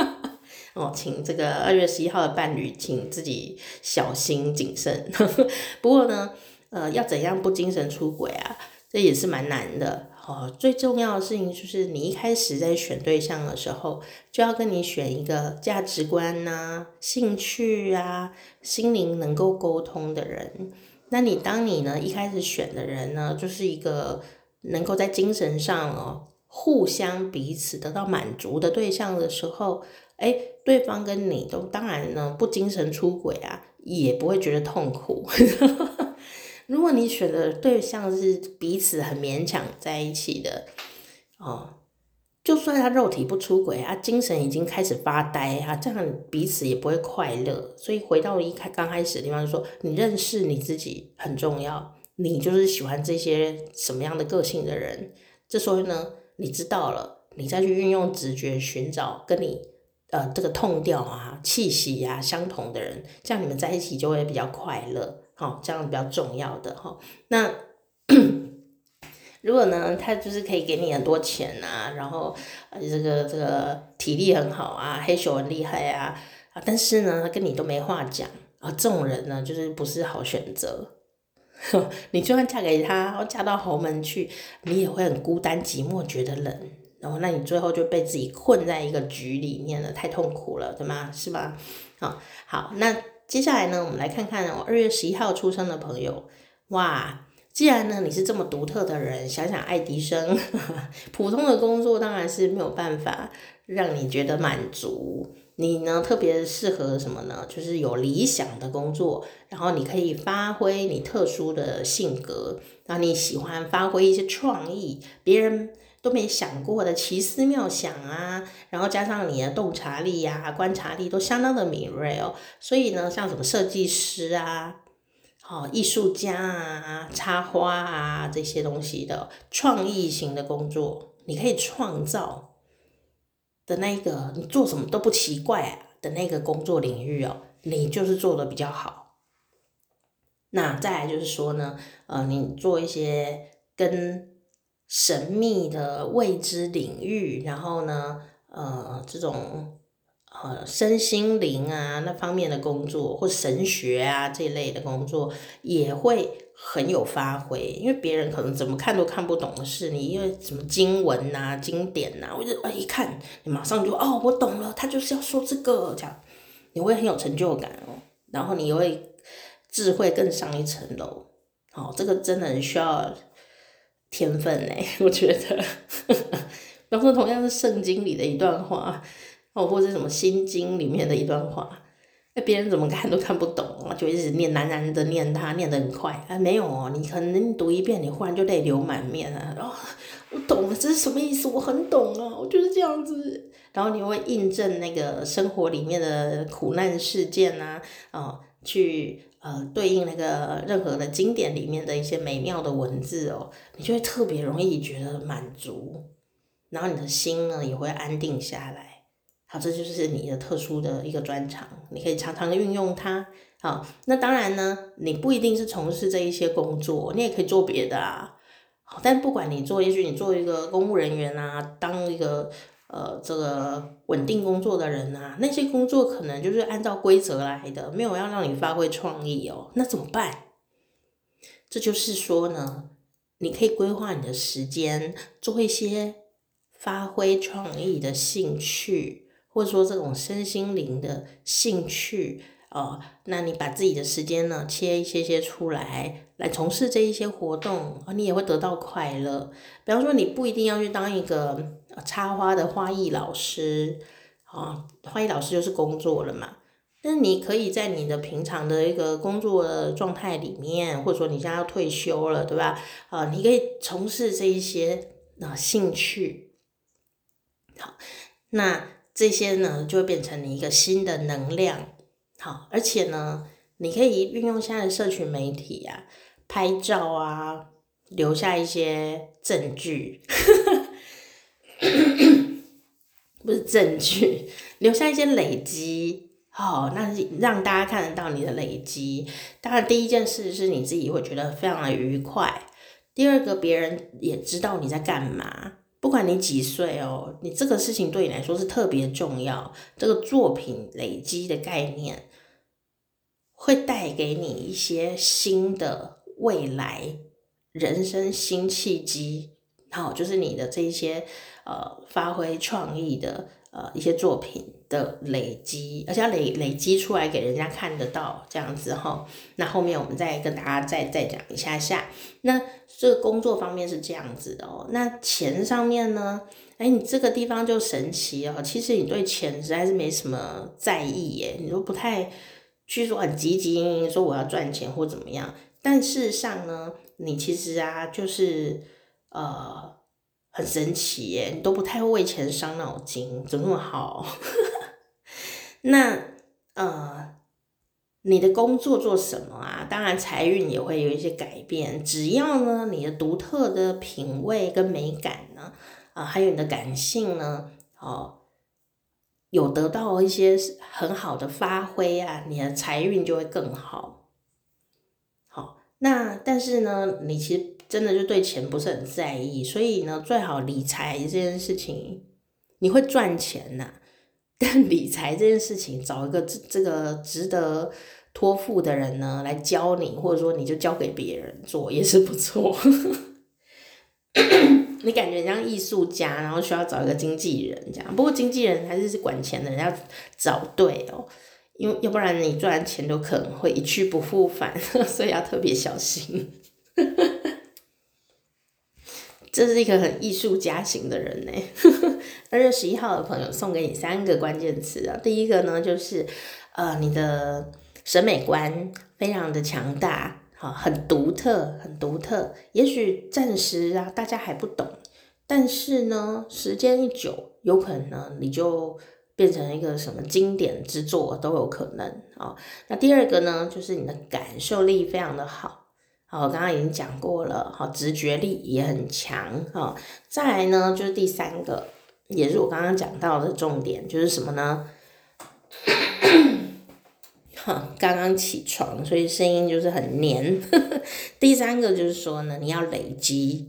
哦，請這個二月十一號的伴侶，請自己小心謹慎。 不過呢。呃，要怎樣不精神出軌啊？這也是蠻難的哦。最重要的事情就是，你一開始在選對象的時候，就要跟你選一個價值觀呢、啊、興趣啊、心靈能夠溝通的人。那你當你呢一開始選的人呢，就是一個能夠在精神上哦、喔、互相彼此得到滿足的對象的時候，誒、欸，對方跟你都當然呢不精神出軌啊，也不會覺得痛苦。 如果你選的對象是彼此很勉強在一起的，哦，就算他肉體不出軌，他、啊、精神已經開始發呆啊，這樣彼此也不會快樂。所以回到一開剛開始的地方就，就說你認識你自己很重要，你就是喜歡這些什麼樣的個性的人。這時候呢，你知道了，你再去運用直覺尋找跟你呃這個痛調啊、氣息呀、啊、相同的人，這樣你們在一起就會比較快樂。哦，這樣比較重要的哈。那 如果呢，他就是可以給你很多錢啊，然後這個這個體力很好啊，黑手很厲害啊，啊，但是呢，他跟你都沒話講啊，這種人呢，就是不是好選擇。 你就算嫁給他，嫁到豪門去，你也會很孤單寂寞，覺得冷。然後，那你最後就被自己困在一個局裡面了，太痛苦了，對嗎？是吧？好好，那。接下來呢，我們來看看我、喔、二月十一號出生的朋友。哇，既然呢你是這麼獨特的人，想想愛迪生，呵呵，普通的工作當然是沒有辦法讓你覺得滿足。你呢特別適合什麼呢？就是有理想的工作，然後你可以發揮你特殊的性格，然後你喜歡發揮一些創意，別人、都沒想過的奇思妙想啊，然後加上你的洞察力啊、觀察力都相當的敏銳哦，所以呢，像什麼設計師啊、好、哦、藝術家啊、插花啊這些東西的創意型的工作，你可以創造的那個你做什麼都不奇怪、啊、的那個工作領域哦，你就是做的比較好。那再來就是說呢，呃，你做一些跟。神秘的未知領域，然後呢，呃，這種呃身心靈啊那方面的工作，或神學啊這一類的工作也會很有發揮，因為別人可能怎麼看都看不懂的事，你因為什麼經文吶、啊、經典吶、啊，我就啊一看，你馬上就哦，我懂了，他就是要說這個，這樣你會很有成就感哦，然後你會智慧更上一層樓，哦。這個真的很需要。天分嘞，欸，我覺得。 然後同樣是聖經裡的一段話，哦，或者什麼心經裡面的一段話，那別人怎麼看都看不懂，就一直念喃喃的念它，念得很快。啊，沒有哦，你可能你讀一遍，你忽然就淚流滿面了。哦，我懂了，這是什麼意思？我很懂啊，我就是這樣子。然後你會印證那個生活裡面的苦難事件啊，啊、哦，去。呃，對應那個任何的經典裡面的一些美妙的文字哦，你就會特別容易覺得滿足，然後你的心呢也會安定下來。好，這就是你的特殊的一個專長，你可以常常運用它。好，那當然呢，你不一定是從事這一些工作，你也可以做別的啊。好，但不管你做，也許你做一個公務人員啊，當一個。呃，這個穩定工作的人吶、啊，那些工作可能就是按照規則來的，沒有要讓你發揮創意哦，那怎麼辦？這就是說呢，你可以規劃你的時間，做一些發揮創意的興趣，或者說這種身心靈的興趣。哦，那你把自己的時間呢，切一些些出來，來從事這一些活動，啊，你也會得到快樂。比方說，你不一定要去當一個插花的花藝老師，啊，花藝老師就是工作了嘛。但是你可以在你的平常的一個工作狀態裡面，或者說你現在要退休了，對吧？啊，你可以從事這一些啊興趣。好，那這些呢，就會變成你一個新的能量。好，而且呢，你可以運用現在的社群媒體啊，拍照啊，留下一些證據， 不是證據，留下一些累積。好，那讓大家看得到你的累積。當然，第一件事是你自己會覺得非常的愉快。第二個，別人也知道你在幹嘛。不管你幾歲哦，你這個事情對你來說是特別重要。這個作品累積的概念，會帶給你一些新的未來，人生新契機，好，就是你的這一些呃發揮創意的呃一些作品的累積，而且要累累積出來給人家看得到這樣子哈。那後面我們再跟大家再再講一下下。那這個工作方面是這樣子的哦、喔。那錢上面呢？誒、欸、你這個地方就神奇哦、喔。其實你對錢實在是沒什麼在意耶、欸，你都不太。據說很積極說我要賺錢或怎麼樣。但事實上呢，你其實啊，就是呃，很神奇耶，你都不太會為錢傷腦筋，怎麼那麼好？ 那呃，你的工作做什麼啊？當然財運也會有一些改變。只要呢，你的獨特的品味跟美感呢，啊、呃，還有你的感性呢，哦。有得到一些很好的發揮啊，你的財運就會更好。好，那但是呢，你其實真的就對錢不是很在意，所以呢，最好理財這件事情，你會賺錢吶、啊，但理財這件事情，找一個這這個值得托付的人呢，來教你，或者說你就交給別人做也是不錯。 你感覺像藝術家，然後需要找一個經紀人，這樣。不過經紀人還是是管錢的人，要找對哦、喔，因為要不然你賺錢都可能會一去不復返，所以要特別小心。 這是一個很藝術家型的人呢、欸。二月十一號的朋友送給你三個關鍵詞啊，第一個呢就是，呃，你的審美觀非常的強大。很獨特，很獨特。也許暫時啊，大家還不懂，但是呢，時間一久，有可能你就變成一個什麼經典之作都有可能啊。那第二個呢，就是你的感受力非常的好，好，我剛剛已經講過了，好，直覺力也很強啊。再來呢，就是第三個，也是我剛剛講到的重點，就是什麼呢？ 剛剛起床，所以聲音就是很黏。 第三個就是說呢，你要累積，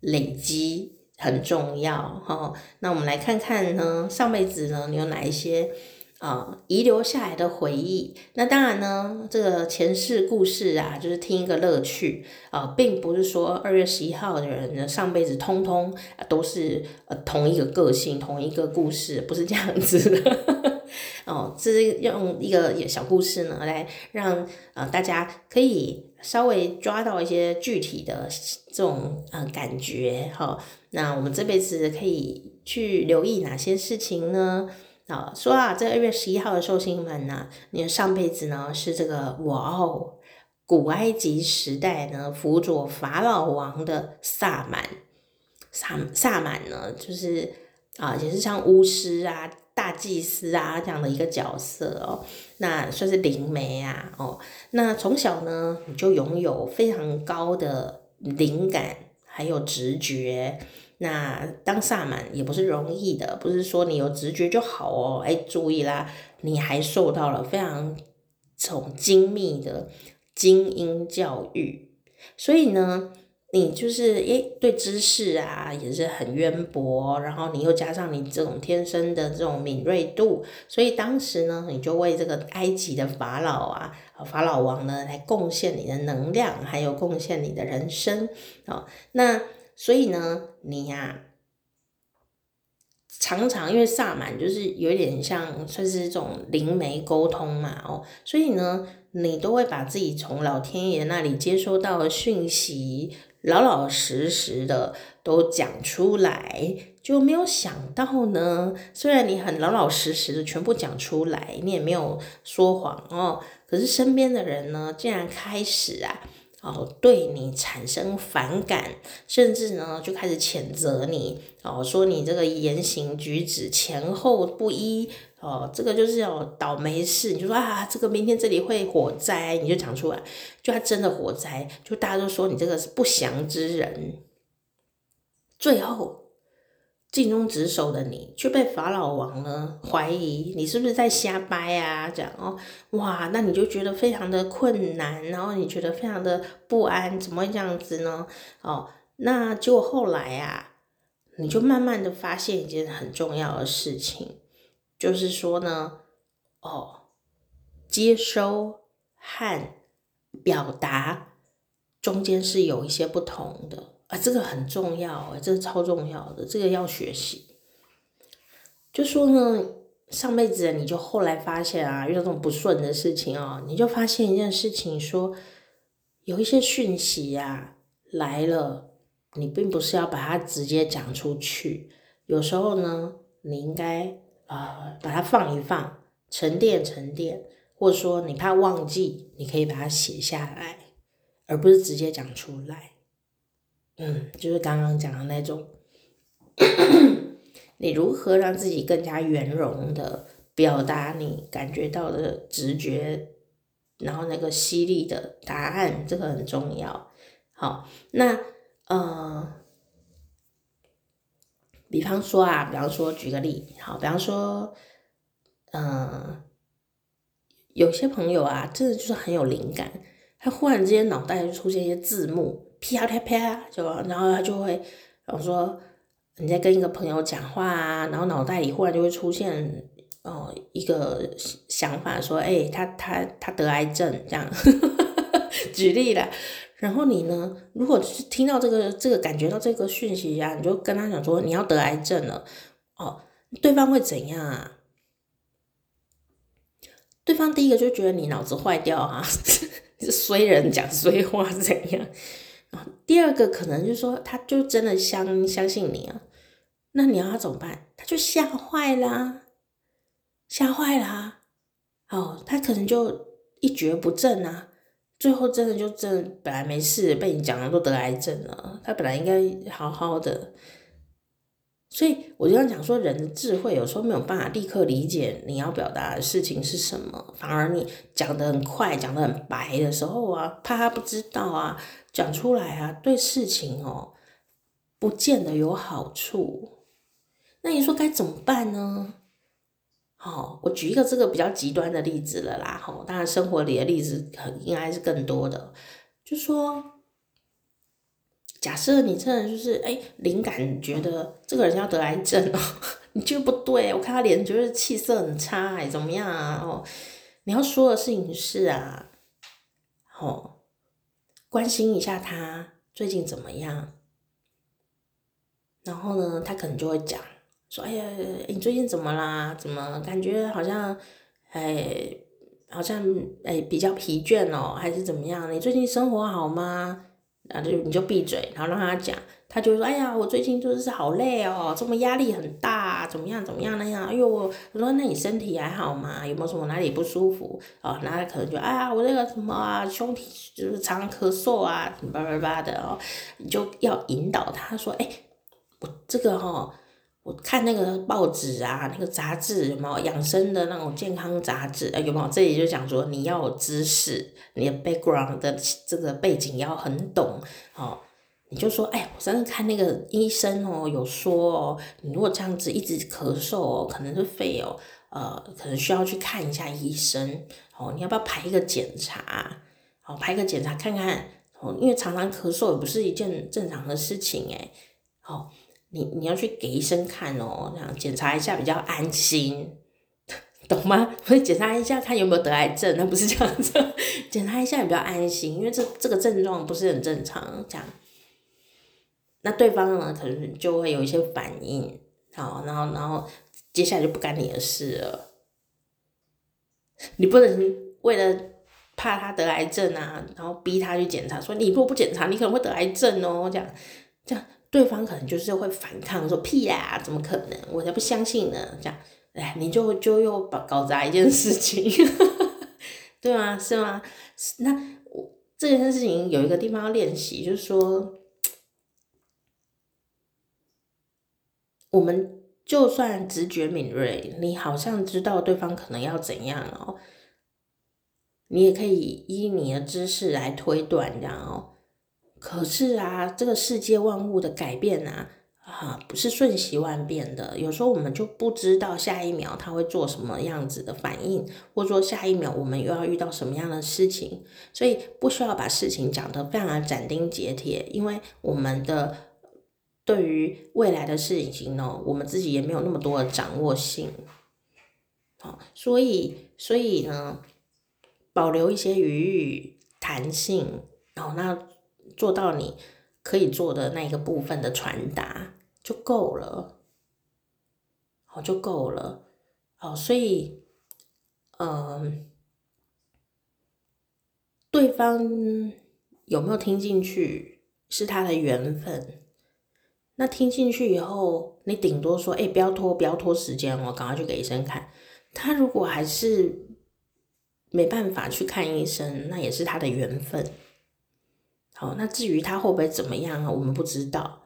累積很重要哈、哦。那我們來看看呢，上輩子呢你有哪一些啊、呃、遺留下來的回憶？那當然呢，這個前世故事啊，就是聽一個樂趣啊、呃，並不是說二月十一號的人呢上輩子通通都是、呃、同一個個性、同一個故事，不是這樣子。 哦，這是用一個小故事呢，來讓呃大家可以稍微抓到一些具體的這種呃感覺哈、哦。那我們這輩子可以去留意哪些事情呢？啊、哦，說啊，這二月十一號的壽星們呢、啊，你上輩子呢是這個哇哦，古埃及時代呢輔佐法老王的薩滿，薩薩滿呢就是。啊，也是像巫師啊、大祭司啊這樣的一個角色哦、喔。那算是靈媒啊，哦、喔，那從小呢你就擁有非常高的靈感還有直覺。那當薩滿也不是容易的，不是說你有直覺就好哦、喔。哎、欸，注意啦，你還受到了非常這種精密的精英教育，所以呢。你就是誒、欸，對知識啊也是很淵博，哦，然後你又加上你這種天生的這種敏銳度，所以當時呢，你就為這個埃及的法老啊、法老王呢來貢獻你的能量，還有貢獻你的人生啊，、哦。那所以呢，你呀、啊，常常因為薩滿就是有點像算是一種靈媒溝通嘛，哦，所以呢，你都會把自己從老天爺那裡接收到的訊息，老老實實的都講出來，就沒有想到呢。雖然你很老老實實的全部講出來，你也沒有說謊哦，可是身邊的人呢，竟然開始啊。哦，對你產生反感，甚至呢就開始譴責你哦，說你這個言行舉止前後不一哦，這個就是有倒霉事，你就說啊，這個明天這裡會火災，你就講出來，就還真的火災，就大家都說你這個是不祥之人，最後。盡忠職守的你，卻被法老王呢懷疑你是不是在瞎掰啊？這樣哦，哇，那你就覺得非常的困難，然後你覺得非常的不安，怎麼會這樣子呢？哦，那結果後來啊，你就慢慢的發現一件很重要的事情，就是說呢，哦，接收和表達中間是有一些不同的。啊，這個很重要，這個超重要的，這個要學習。就說呢，上輩子你就後來發現啊，遇到這種不順的事情哦，你就發現一件事情說，說有一些訊息呀、啊、來了，你並不是要把它直接講出去，有時候呢，你應該啊、呃、把它放一放，沉澱沉澱，或者說你怕忘記，你可以把它寫下來，而不是直接講出來。嗯，就是剛剛講的那種， 你如何讓自己更加圓融的表達你感覺到的直覺，然後那個犀利的答案，這個很重要。好，那呃，比方說啊，比方說舉個例，好，比方說，嗯、呃，有些朋友啊，真的就是很有靈感，他忽然之間腦袋就出現一些字幕。啪啦啪啪，就然後他就會，比方說你在跟一個朋友講話啊，然後腦袋裡忽然就會出現哦、呃、一個想法說，說、欸、哎，他他他得癌症這樣， 舉例了。然後你呢，如果是聽到這個這個感覺到這個訊息啊，你就跟他講說你要得癌症了，哦，對方會怎樣啊？對方第一個就覺得你腦子壞掉啊， 你是衰人講衰話怎樣？第二個可能就是說，他就真的相相信你啊，那你要他怎麼辦？他就嚇壞了，嚇壞了，哦，他可能就一蹶不振啊，最後真的就真的本來沒事，被你講的都得癌症了，他本來應該好好的，所以我就想講說，人的智慧有時候沒有辦法立刻理解你要表達的事情是什麼，反而你講得很快，講得很白的時候啊，怕他不知道啊。講出來啊，對事情哦、喔，不見得有好處。那你說該怎麼辦呢？哦、喔，我舉一個這個比較極端的例子了啦。吼、喔，當然生活裡的例子很應該是更多的。就說，假設你真的就是誒靈、欸、感覺得這個人要得癌症哦、喔，你覺得不對？我看他臉，覺得氣色很差、欸，怎麼樣啊？哦、喔，你要說的事情是啊，吼、喔關心一下他最近怎麼樣，然後呢，他可能就會講說：“哎呀，你最近怎麼啦？怎麼感覺好像哎，好像哎比較疲倦哦，還是怎麼樣？你最近生活好嗎？”然後就你就閉嘴，然後讓他講。他就說：“哎呀，我最近就是好累哦，這麼壓力很大，怎麼樣怎麼樣那樣？哎呦，我說，那你身體還好嗎？有沒有什麼哪裡不舒服？啊、哦，那他可能就啊、哎，我那個什麼啊，身體就是常常咳嗽啊，叭叭叭的哦。你就要引導他說，哎、欸，我這個哈、哦，我看那個報紙啊，那個雜誌有沒有養生的那種健康雜誌？哎、啊，有沒有？這裡就講說你要有知識，你的 background 的這個背景要很懂，哦。你就說，哎，我上次看那個醫生哦、喔，有說、喔，哦，你如果這樣子一直咳嗽、喔，哦，可能是肺哦，呃，可能需要去看一下醫生哦。你要不要排一個檢查？哦，排一個檢查看看，哦，因為常常咳嗽也不是一件正常的事情誒、欸。哦，你你要去給醫生看哦、喔，這樣檢查一下比較安心，懂嗎？會檢查一下看有沒有得癌症，那不是這樣子。檢查一下也比較安心，因為這這個症狀不是很正常，這樣。那對方呢，可能就會有一些反應，好，然後，然後接下來就不干你的事了。你不能為了怕他得癌症啊，然後逼他去檢查，說你如果不檢查，你可能會得癌症哦。這樣，這樣對方可能就是會反抗，說屁呀，怎麼可能？我才不相信呢。這樣，哎，你就就又搞搞砸一件事情， 對嗎？是嗎？是，那，我這件事情有一個地方要練習，就是說。我們就算直覺敏銳，你好像知道對方可能要怎樣哦、喔，你也可以以你的知識來推斷，然後哦。可是啊，這個世界萬物的改變啊啊，不是瞬息萬變的。有時候我們就不知道下一秒他會做什麼樣子的反應，或者說下一秒我們又要遇到什麼樣的事情。所以不需要把事情講得非常斬釘截鐵，因為我們的。對於未來的事情呢，我們自己也沒有那麼多的掌握性，好，所以，所以呢，保留一些餘裕彈性，然後那做到你可以做的那一個部分的傳達就夠了，好，就夠了，好，所以，嗯、呃，對方有沒有聽進去，是他的緣分。那聽進去以後，你頂多說：“誒、欸，不要拖，不要拖時間，我趕快去給醫生看。”他如果還是沒辦法去看醫生，那也是他的緣分。好，那至於他會不會怎麼樣啊，我們不知道。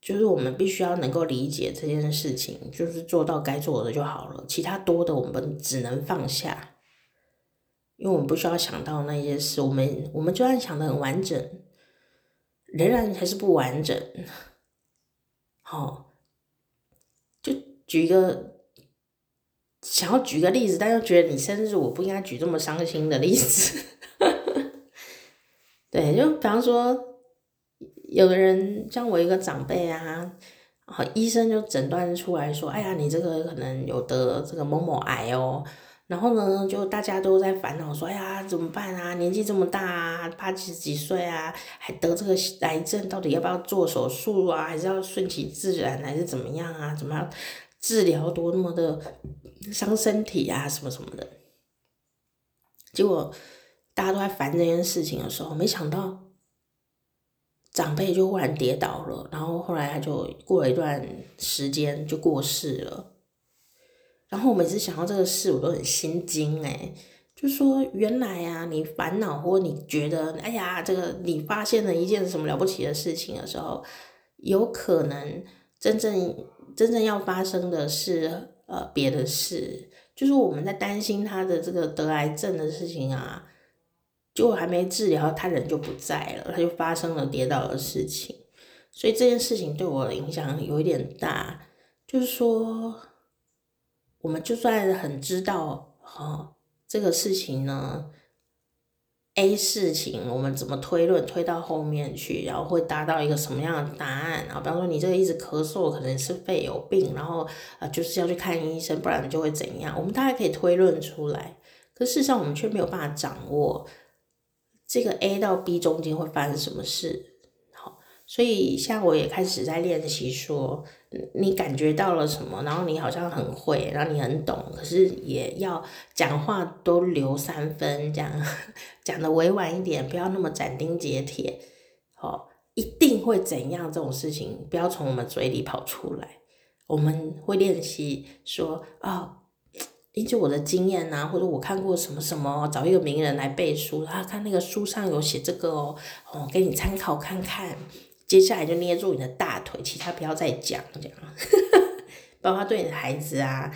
就是我們必須要能夠理解這件事情，就是做到該做的就好了。其他多的，我們只能放下，因為我們不需要想到那些事。我們我們就算想得很完整，仍然還是不完整。哦，就舉一個想要舉個例子，但又覺得你生日我不應該舉這麼傷心的例子， 對，就比方說，有的人像我一個長輩啊，然後，哦，醫生就診斷出來說，哎呀，你這個可能有得這個某某癌哦。然後呢，就大家都在煩惱說：“哎呀，怎麼辦啊？年紀這麼大，啊，八十幾歲啊，還得這個癌症，到底要不要做手術啊？還是要順其自然啊，還是怎麼樣啊？怎麼樣治療？多那麼的傷身體啊？什麼什麼的。”結果大家都在煩這件事情的時候，沒想到長輩就忽然跌倒了，然後後來他就過了一段時間就過世了。然後我每次想到這個事，我都很心驚誒，欸，就說原來啊，你煩惱或你覺得哎呀，這個你發現了一件什麼了不起的事情的時候，有可能真正真正要發生的是呃別的事，就是我們在擔心他的這個得癌症的事情啊，就還沒治療，他人就不在了，他就發生了跌倒的事情，所以這件事情對我的影響有一點大，就是說。我們就算很知道，哦，這個事情呢，A 事情我們怎麼推論推到後面去，然後會達到一個什麼樣的答案？然後，比方說你這個一直咳嗽，可能是肺有病，然後啊，就是要去看醫生，不然就會怎樣？我們大概可以推論出來，可事實上我們卻沒有辦法掌握這個 A 到 B 中間會發生什麼事。所以，像我也開始在練習說，你感覺到了什麼？然後你好像很會，然後你很懂，可是也要講話都留三分，這樣講得委婉一點，不要那麼斬釘截鐵。哦，一定會怎樣這種事情，不要從我們嘴裡跑出來。我們會練習說啊、哦，依據我的經驗吶、啊，或者我看過什麼什麼，找一個名人來背書，他、啊、看那個書上有寫這個哦，哦，給你參考看看。接下來就捏住你的大腿，其他不要再講講，這樣 包括對你的孩子啊，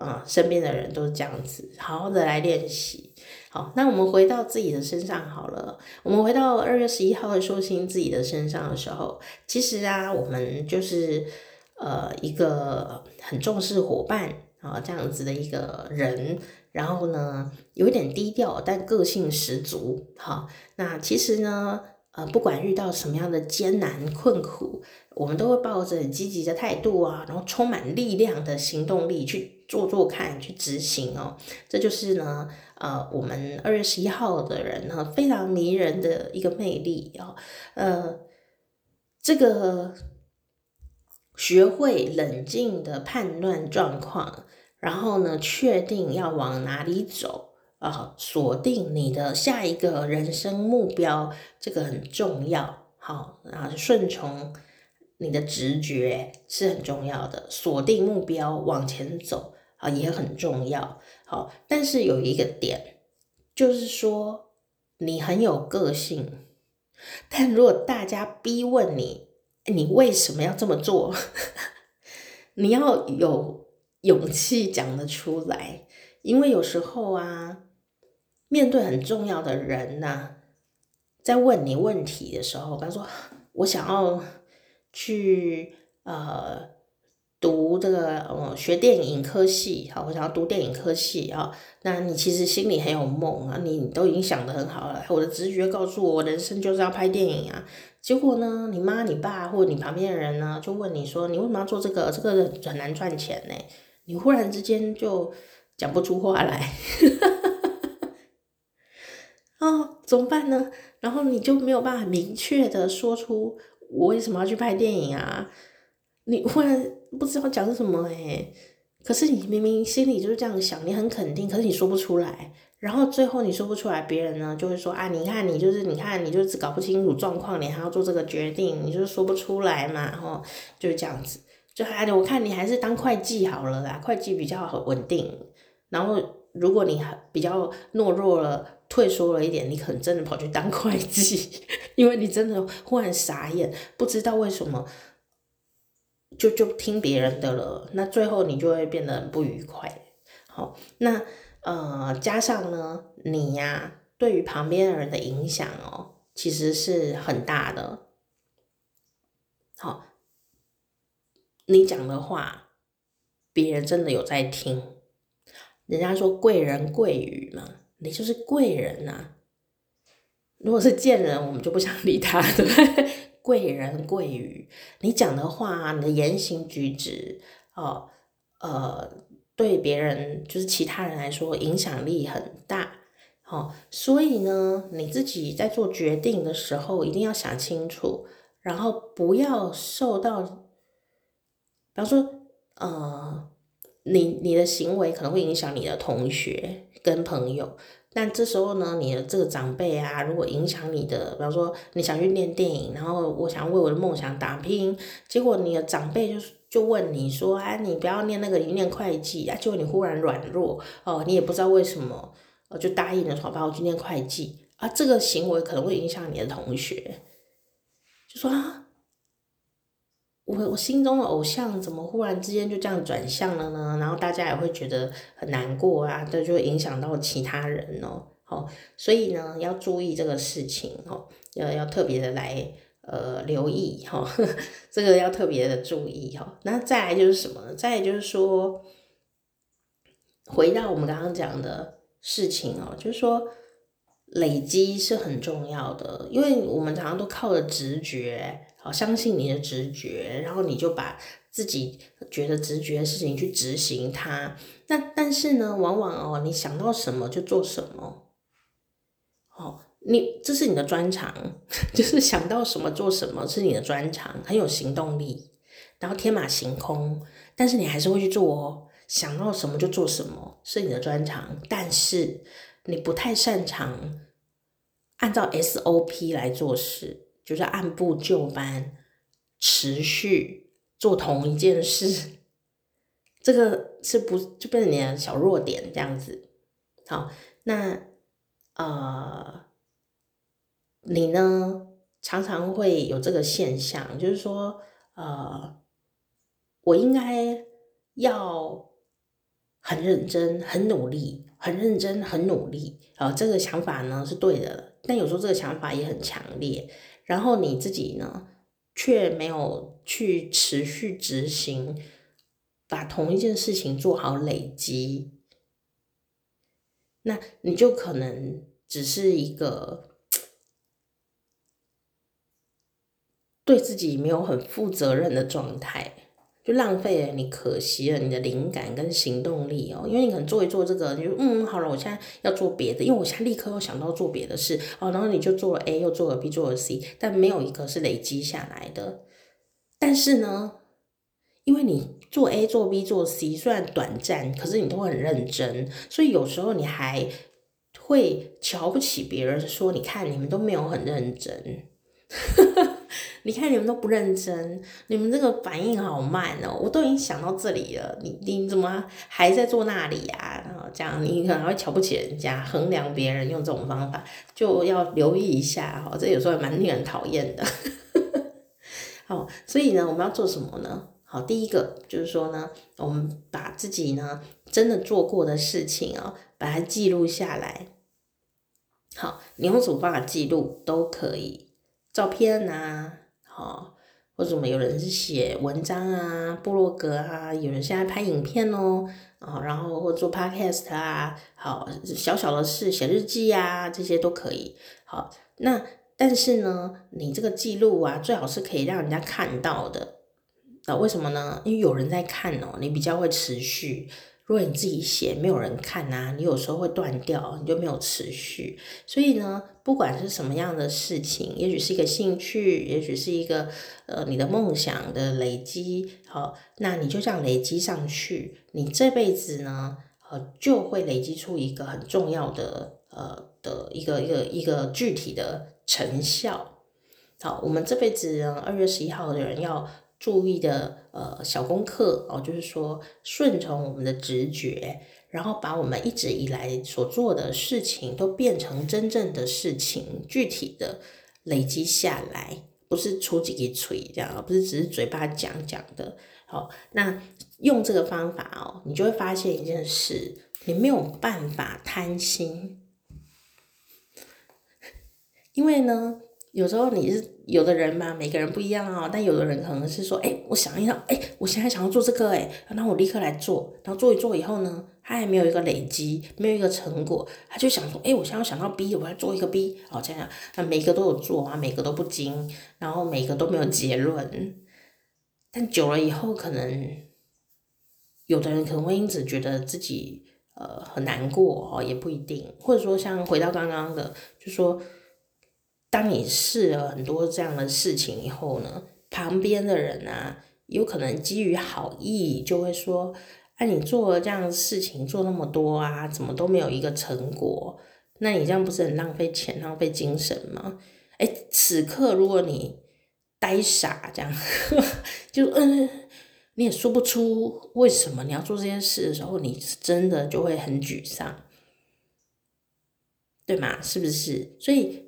嗯、呃，身邊的人都是這樣子，好好的來練習。好，那我們回到自己的身上好了。我們回到二月十一號的壽星自己的身上的時候，其實啊，我們就是呃一個很重視夥伴啊、呃、這樣子的一個人，然後呢，有點低調，但個性十足。好、呃，那其實呢。呃，不管遇到什麼樣的艱難困苦，我們都會抱着積極的態度啊，然後充滿力量的行動力去做做看，去執行哦。這就是呢，呃，我們二月十一號的人呢，非常迷人的一個魅力哦。呃，這個學會冷靜的判斷狀況，然後呢，確定要往哪裡走，啊，鎖定你的下一個人生目標，這個很重要。好，然後，順從你的直覺是很重要的，鎖定目標往前走啊也很重要。好，但是有一個點，就是說你很有個性，但如果大家逼問你，你為什麼要這麼做？ 你要有勇氣講得出來，因為有時候啊。面對很重要的人吶、啊、在問你問題的時候，比方說，我想要去呃讀這個呃、哦、學電影科系，好，我想要讀電影科系啊、哦。那你其實心裡很有夢啊，你都已經想得很好了。我的直覺告訴我，我人生就是要拍電影啊。結果呢，你媽、你爸或者你旁邊的人呢，就問你說，你為什麼要做這個？這個很難賺錢呢、欸。你忽然之間就講不出話來。 哦，怎麼辦呢？然後你就沒有辦法明確的說出我為什麼要去拍電影啊？你忽然不知道講什麼哎、欸。可是你明明心裡就是這樣想，你很肯定，可是你說不出來。然後最後你說不出來，別人呢就會說啊，你看你就是，你看你就是搞不清楚狀況，你還要做這個決定，你就是說不出來嘛。然後就是這樣子，就還得、啊、我看你還是當會計好了啦，會計比較穩定。然後如果你比較懦弱了，退縮了一點，你可能真的跑去當會計，因為你真的忽然傻眼，不知道為什麼，就就聽別人的了。那最後你就會變得很不愉快。好，那呃，加上呢，你呀、啊，對於旁邊的人的影響哦、喔，其實是很大的。好，你講的話，別人真的有在聽。人家說貴人貴語嘛。你就是貴人吶、啊！如果是賤人，我們就不想理他，對，貴人貴語，你講的話、啊，你的言行舉止，哦呃，對別人，就是其他人來說，影響力很大。哦，所以呢，你自己在做決定的時候，一定要想清楚，然後不要受到，比方說，呃，你你的行為可能會影響你的同學。跟朋友，但這時候呢，你的這個長輩啊，如果影響你的，比方說你想去念電影，然後我想為我的夢想打拼，結果你的長輩就就問你說啊，你不要念那個，你念會計啊，結果你忽然軟弱哦，你也不知道為什麼，呃、啊，就答應了說，好吧，我去念會計啊，這個行為可能會影響你的同學，就說啊。我我心中的偶像怎麼忽然之間就這樣轉向了呢？然後大家也會覺得很難過啊，這就，就影響到其他人，喔、哦。好，所以呢，要注意這個事情哦，要要特別的來呃留意哈、哦，這個要特別的注意哦。那再來就是什麼呢？再來就是說，回到我們剛剛講的事情哦，就是說累積是很重要的，因為我們常常都靠著直覺。相信你的直覺，然後你就把自己覺得直覺的事情去執行它。那但是呢，往往哦，你想到什麼就做什麼。哦，你，這是你的專長，就是想到什麼做什麼是你的專長，很有行動力，然後天馬行空。但是你還是會去做哦，想到什麼就做什麼是你的專長，但是你不太擅長按照 SOP 來做事。就是按部就班，持續做同一件事，這個是不就變成你的小弱點這樣子。好，那呃，你呢，常常會有這個現象，就是說，呃，我應該要很認真、很努力、很認真、很努力。呃，這個想法呢是對的，但有時候這個想法也很強烈。然後你自己呢，卻沒有去持續執行，把同一件事情做好累積，那你就可能只是一個對自己沒有很負責任的狀態。就浪費了你，可惜了你的靈感跟行動力哦，因為你可能做一做這個，你就嗯好了，我現在要做別的，因為我現在立刻又想到做別的事哦，然後你就做了 A，又做了 B，做了 C，但沒有一個是累積下來的。但是呢，因為你做 A 做 B 做 C 雖然短暫，可是你都很認真，所以有時候你還會瞧不起別人，說你看你們都沒有很認真。 你看你們都不認真，你們這個反應好慢哦！我都已經想到這裡了，你你怎麼還在做那裡呀？然後這樣，你可能還會瞧不起人家，衡量別人用這種方法，就要留意一下哦，這有時候蠻令人討厭的。 好，所以呢，我們要做什麼呢？好，第一個就是說呢，我們把自己呢真的做過的事情哦，把它記錄下來。好，你用什麼方法記錄都可以，照片吶。好、哦，或者我們有人是寫文章啊，部落格啊，有人現在拍影片哦，啊、哦，然後或做 podcast 啊，好，小小的事，寫日記啊，這些都可以。好，那但是呢，你這個記錄啊，最好是可以讓人家看到的。啊，為什麼呢？因為有人在看哦，你比較會持續。如果你自己寫，沒有人看啊，你有時候會斷掉，你就沒有持續。所以呢，不管是什麼樣的事情，也許是一個興趣，也許是一個呃你的夢想的累積，好，那你就這樣累積上去，你這輩子呢，呃，就會累積出一個很重要的呃的一個一個一個具體的成效。好，我們這輩子二月十一號的人要注意的呃小功課哦，就是說，順從我們的直覺，然後把我們一直以來所做的事情都變成真正的事情，具體的累積下來，不是出幾錘這樣，不是只是嘴巴講講的。好、哦，那用這個方法哦，你就會發現一件事，你沒有辦法貪心，因為呢。有時候你是有的人嘛，每個人不一樣哦。但有的人可能是說，哎、欸，我想一想，哎、欸，我現在想要做這個、欸，哎，那我立刻來做。然後做一做以後呢，他還沒有一個累積，沒有一個成果，他就想說，哎、欸，我現在要想到 B，我要做一個 B，哦，這樣，那每個都有做啊，每個都不精，然後每個都沒有結論。但久了以後，可能有的人可能會因此覺得自己呃很難過哦，也不一定。或者說，像回到剛剛的，就說。當你試了很多這樣的事情以後呢，旁邊的人呢、啊，有可能基於好意就會說：“哎、啊，你做了這樣的事情，做那麼多啊，怎麼都沒有一個成果？那你這樣不是很浪費錢、浪費精神嗎？”哎、欸，此刻如果你呆傻這樣，呵呵就嗯，你也說不出為什麼你要做這件事的時候，你真的就會很沮喪，對嗎？是不是？所以。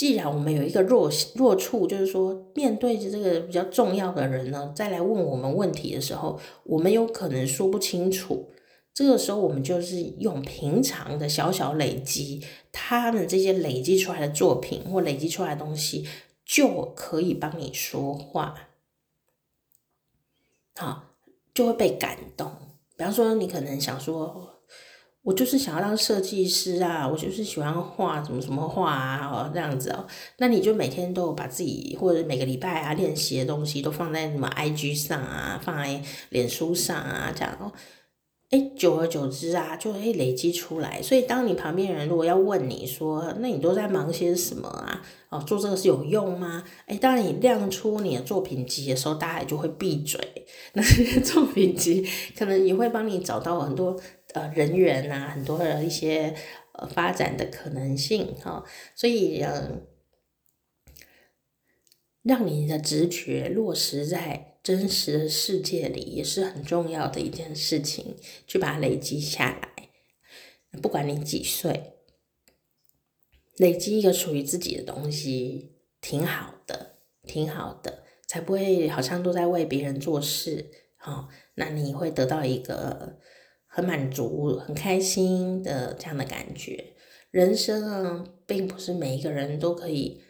既然我們有一個弱弱處，就是說面對着這個比較重要的人呢，再來問我們問題的時候，我們有可能說不清楚。這個時候，我們就是用平常的小小累積，他的這些累積出來的作品或累積出來的東西，就可以幫你說話。好，就會被感動。比方說，你可能想說。我就是想要當設計師啊！我就是喜歡畫什麼什麼畫啊，這樣子哦。那你就每天都有把自己或者每個禮拜啊練習的東西都放在什麼 IG 上啊，放在臉書上啊，這樣哦。誒，久而久之啊，就會累積出來。所以，當你旁邊人如果要問你說，那你都在忙些什麼啊？哦，做這個是有用嗎？誒，當你亮出你的作品集的時候，大家也就會閉嘴。那些作品集可能也會幫你找到很多。呃，人員啊，很多的一些呃發展的可能性哈、哦，所以嗯、呃，讓你的直覺落實在真實的世界裡也是很重要的一件事情，去把它累積下來，不管你幾歲，累積一個屬於自己的東西，挺好的，挺好的，才不會好像都在為別人做事，哈、哦，那你會得到一個。很滿足、很開心的這樣的感覺。人生啊，並不是每一個人都可以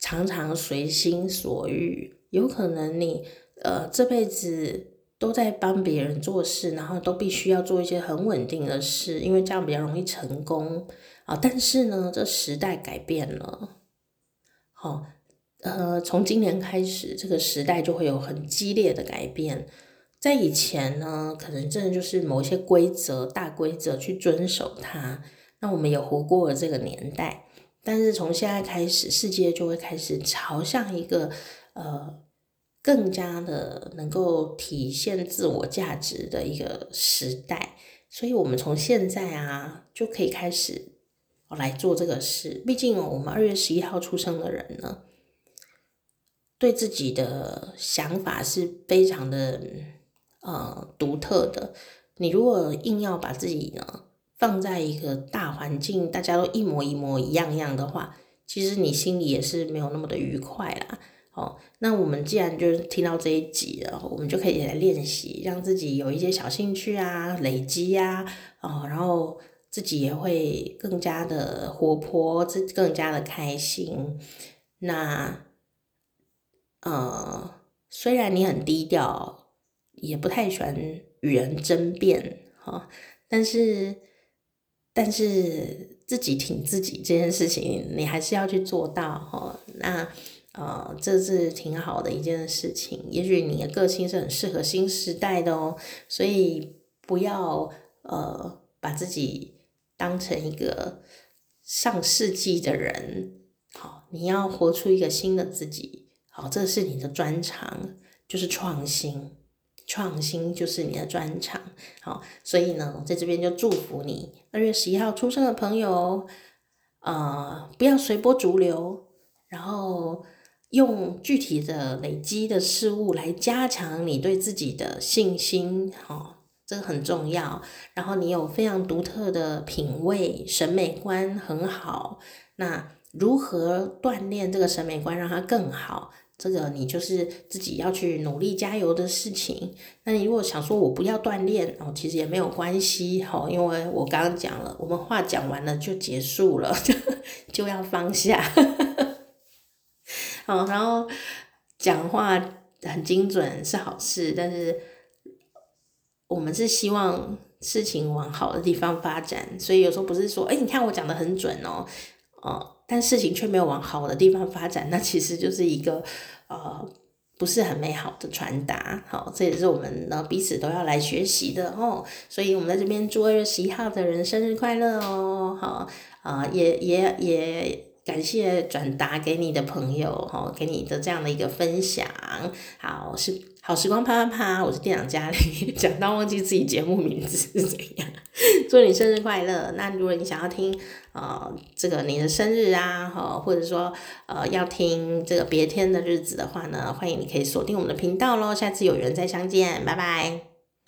常常隨心所欲。有可能你呃這輩子都在幫別人做事，然後都必須要做一些很穩定的事，因為這樣比較容易成功啊。但是呢，這時代改變了。好，呃，從今年開始，這個時代就會有很激烈的改變。在以前呢，可能真的就是某一些規則、大規則去遵守它。那我們也活過了這個年代，但是從現在開始，世界就會開始朝向一個呃更加的能夠體現自我價值的一個時代。所以，我們從現在啊就可以開始來做這個事。畢竟，我們二月十一號出生的人呢，對自己的想法是非常的。呃，獨特的。你如果硬要把自己呢放在一個大環境，大家都一模一模一樣樣的話，其實你心裡也是沒有那麼的愉快啦。哦，那我們既然就是聽到這一集，然後我們就可以來練習，讓自己有一些小興趣啊，累積呀、啊，哦，然後自己也會更加的活潑，自更加的開心。那呃，雖然你很低調。也不太喜歡與人爭辯，哈，但是但是自己挺自己這件事情，你還是要去做到，哦。那呃，這是挺好的一件事情。也許你的個性是很適合新時代的哦，所以不要呃把自己當成一個上世紀的人，好，你要活出一個新的自己，好，這是你的專長，就是創新。創新就是你的專長，好，所以呢，在這邊就祝福你。二月十一號出生的朋友，呃，不要隨波逐流，然後用具體的累積的事物來加強你對自己的信心，好，這個很重要。然後你有非常獨特的品味，審美觀很好，那如何鍛鍊這個審美觀，讓它更好？這個你就是自己要去努力加油的事情。那你如果想說我不要鍛鍊，哦，其實也沒有關係，哈，因為我剛剛講了，我們話講完了就結束了，就就要放下，哈哈。哦，然後講話很精準是好事，但是我們是希望事情往好的地方發展，所以有時候不是說，哎，你看我講得很準哦，哦。但事情卻沒有往好的地方發展，那其實就是一個呃不是很美好的傳達。好，這也是我們呢彼此都要來學習的哦。所以，我們在這邊祝二月十一號的人生日快樂哦。好，啊，也也也感謝轉達給你的朋友哈、哦，給你的這樣的一個分享。好，是。好，時光啪啪啪！我是店長佳玲，講到忘記自己節目名字是怎樣？祝你生日快樂！那如果你想要聽呃這個你的生日啊，或者說呃要聽這個別天的日子的話呢，歡迎你可以鎖定我們的頻道嘍。下次有緣再相見，拜拜。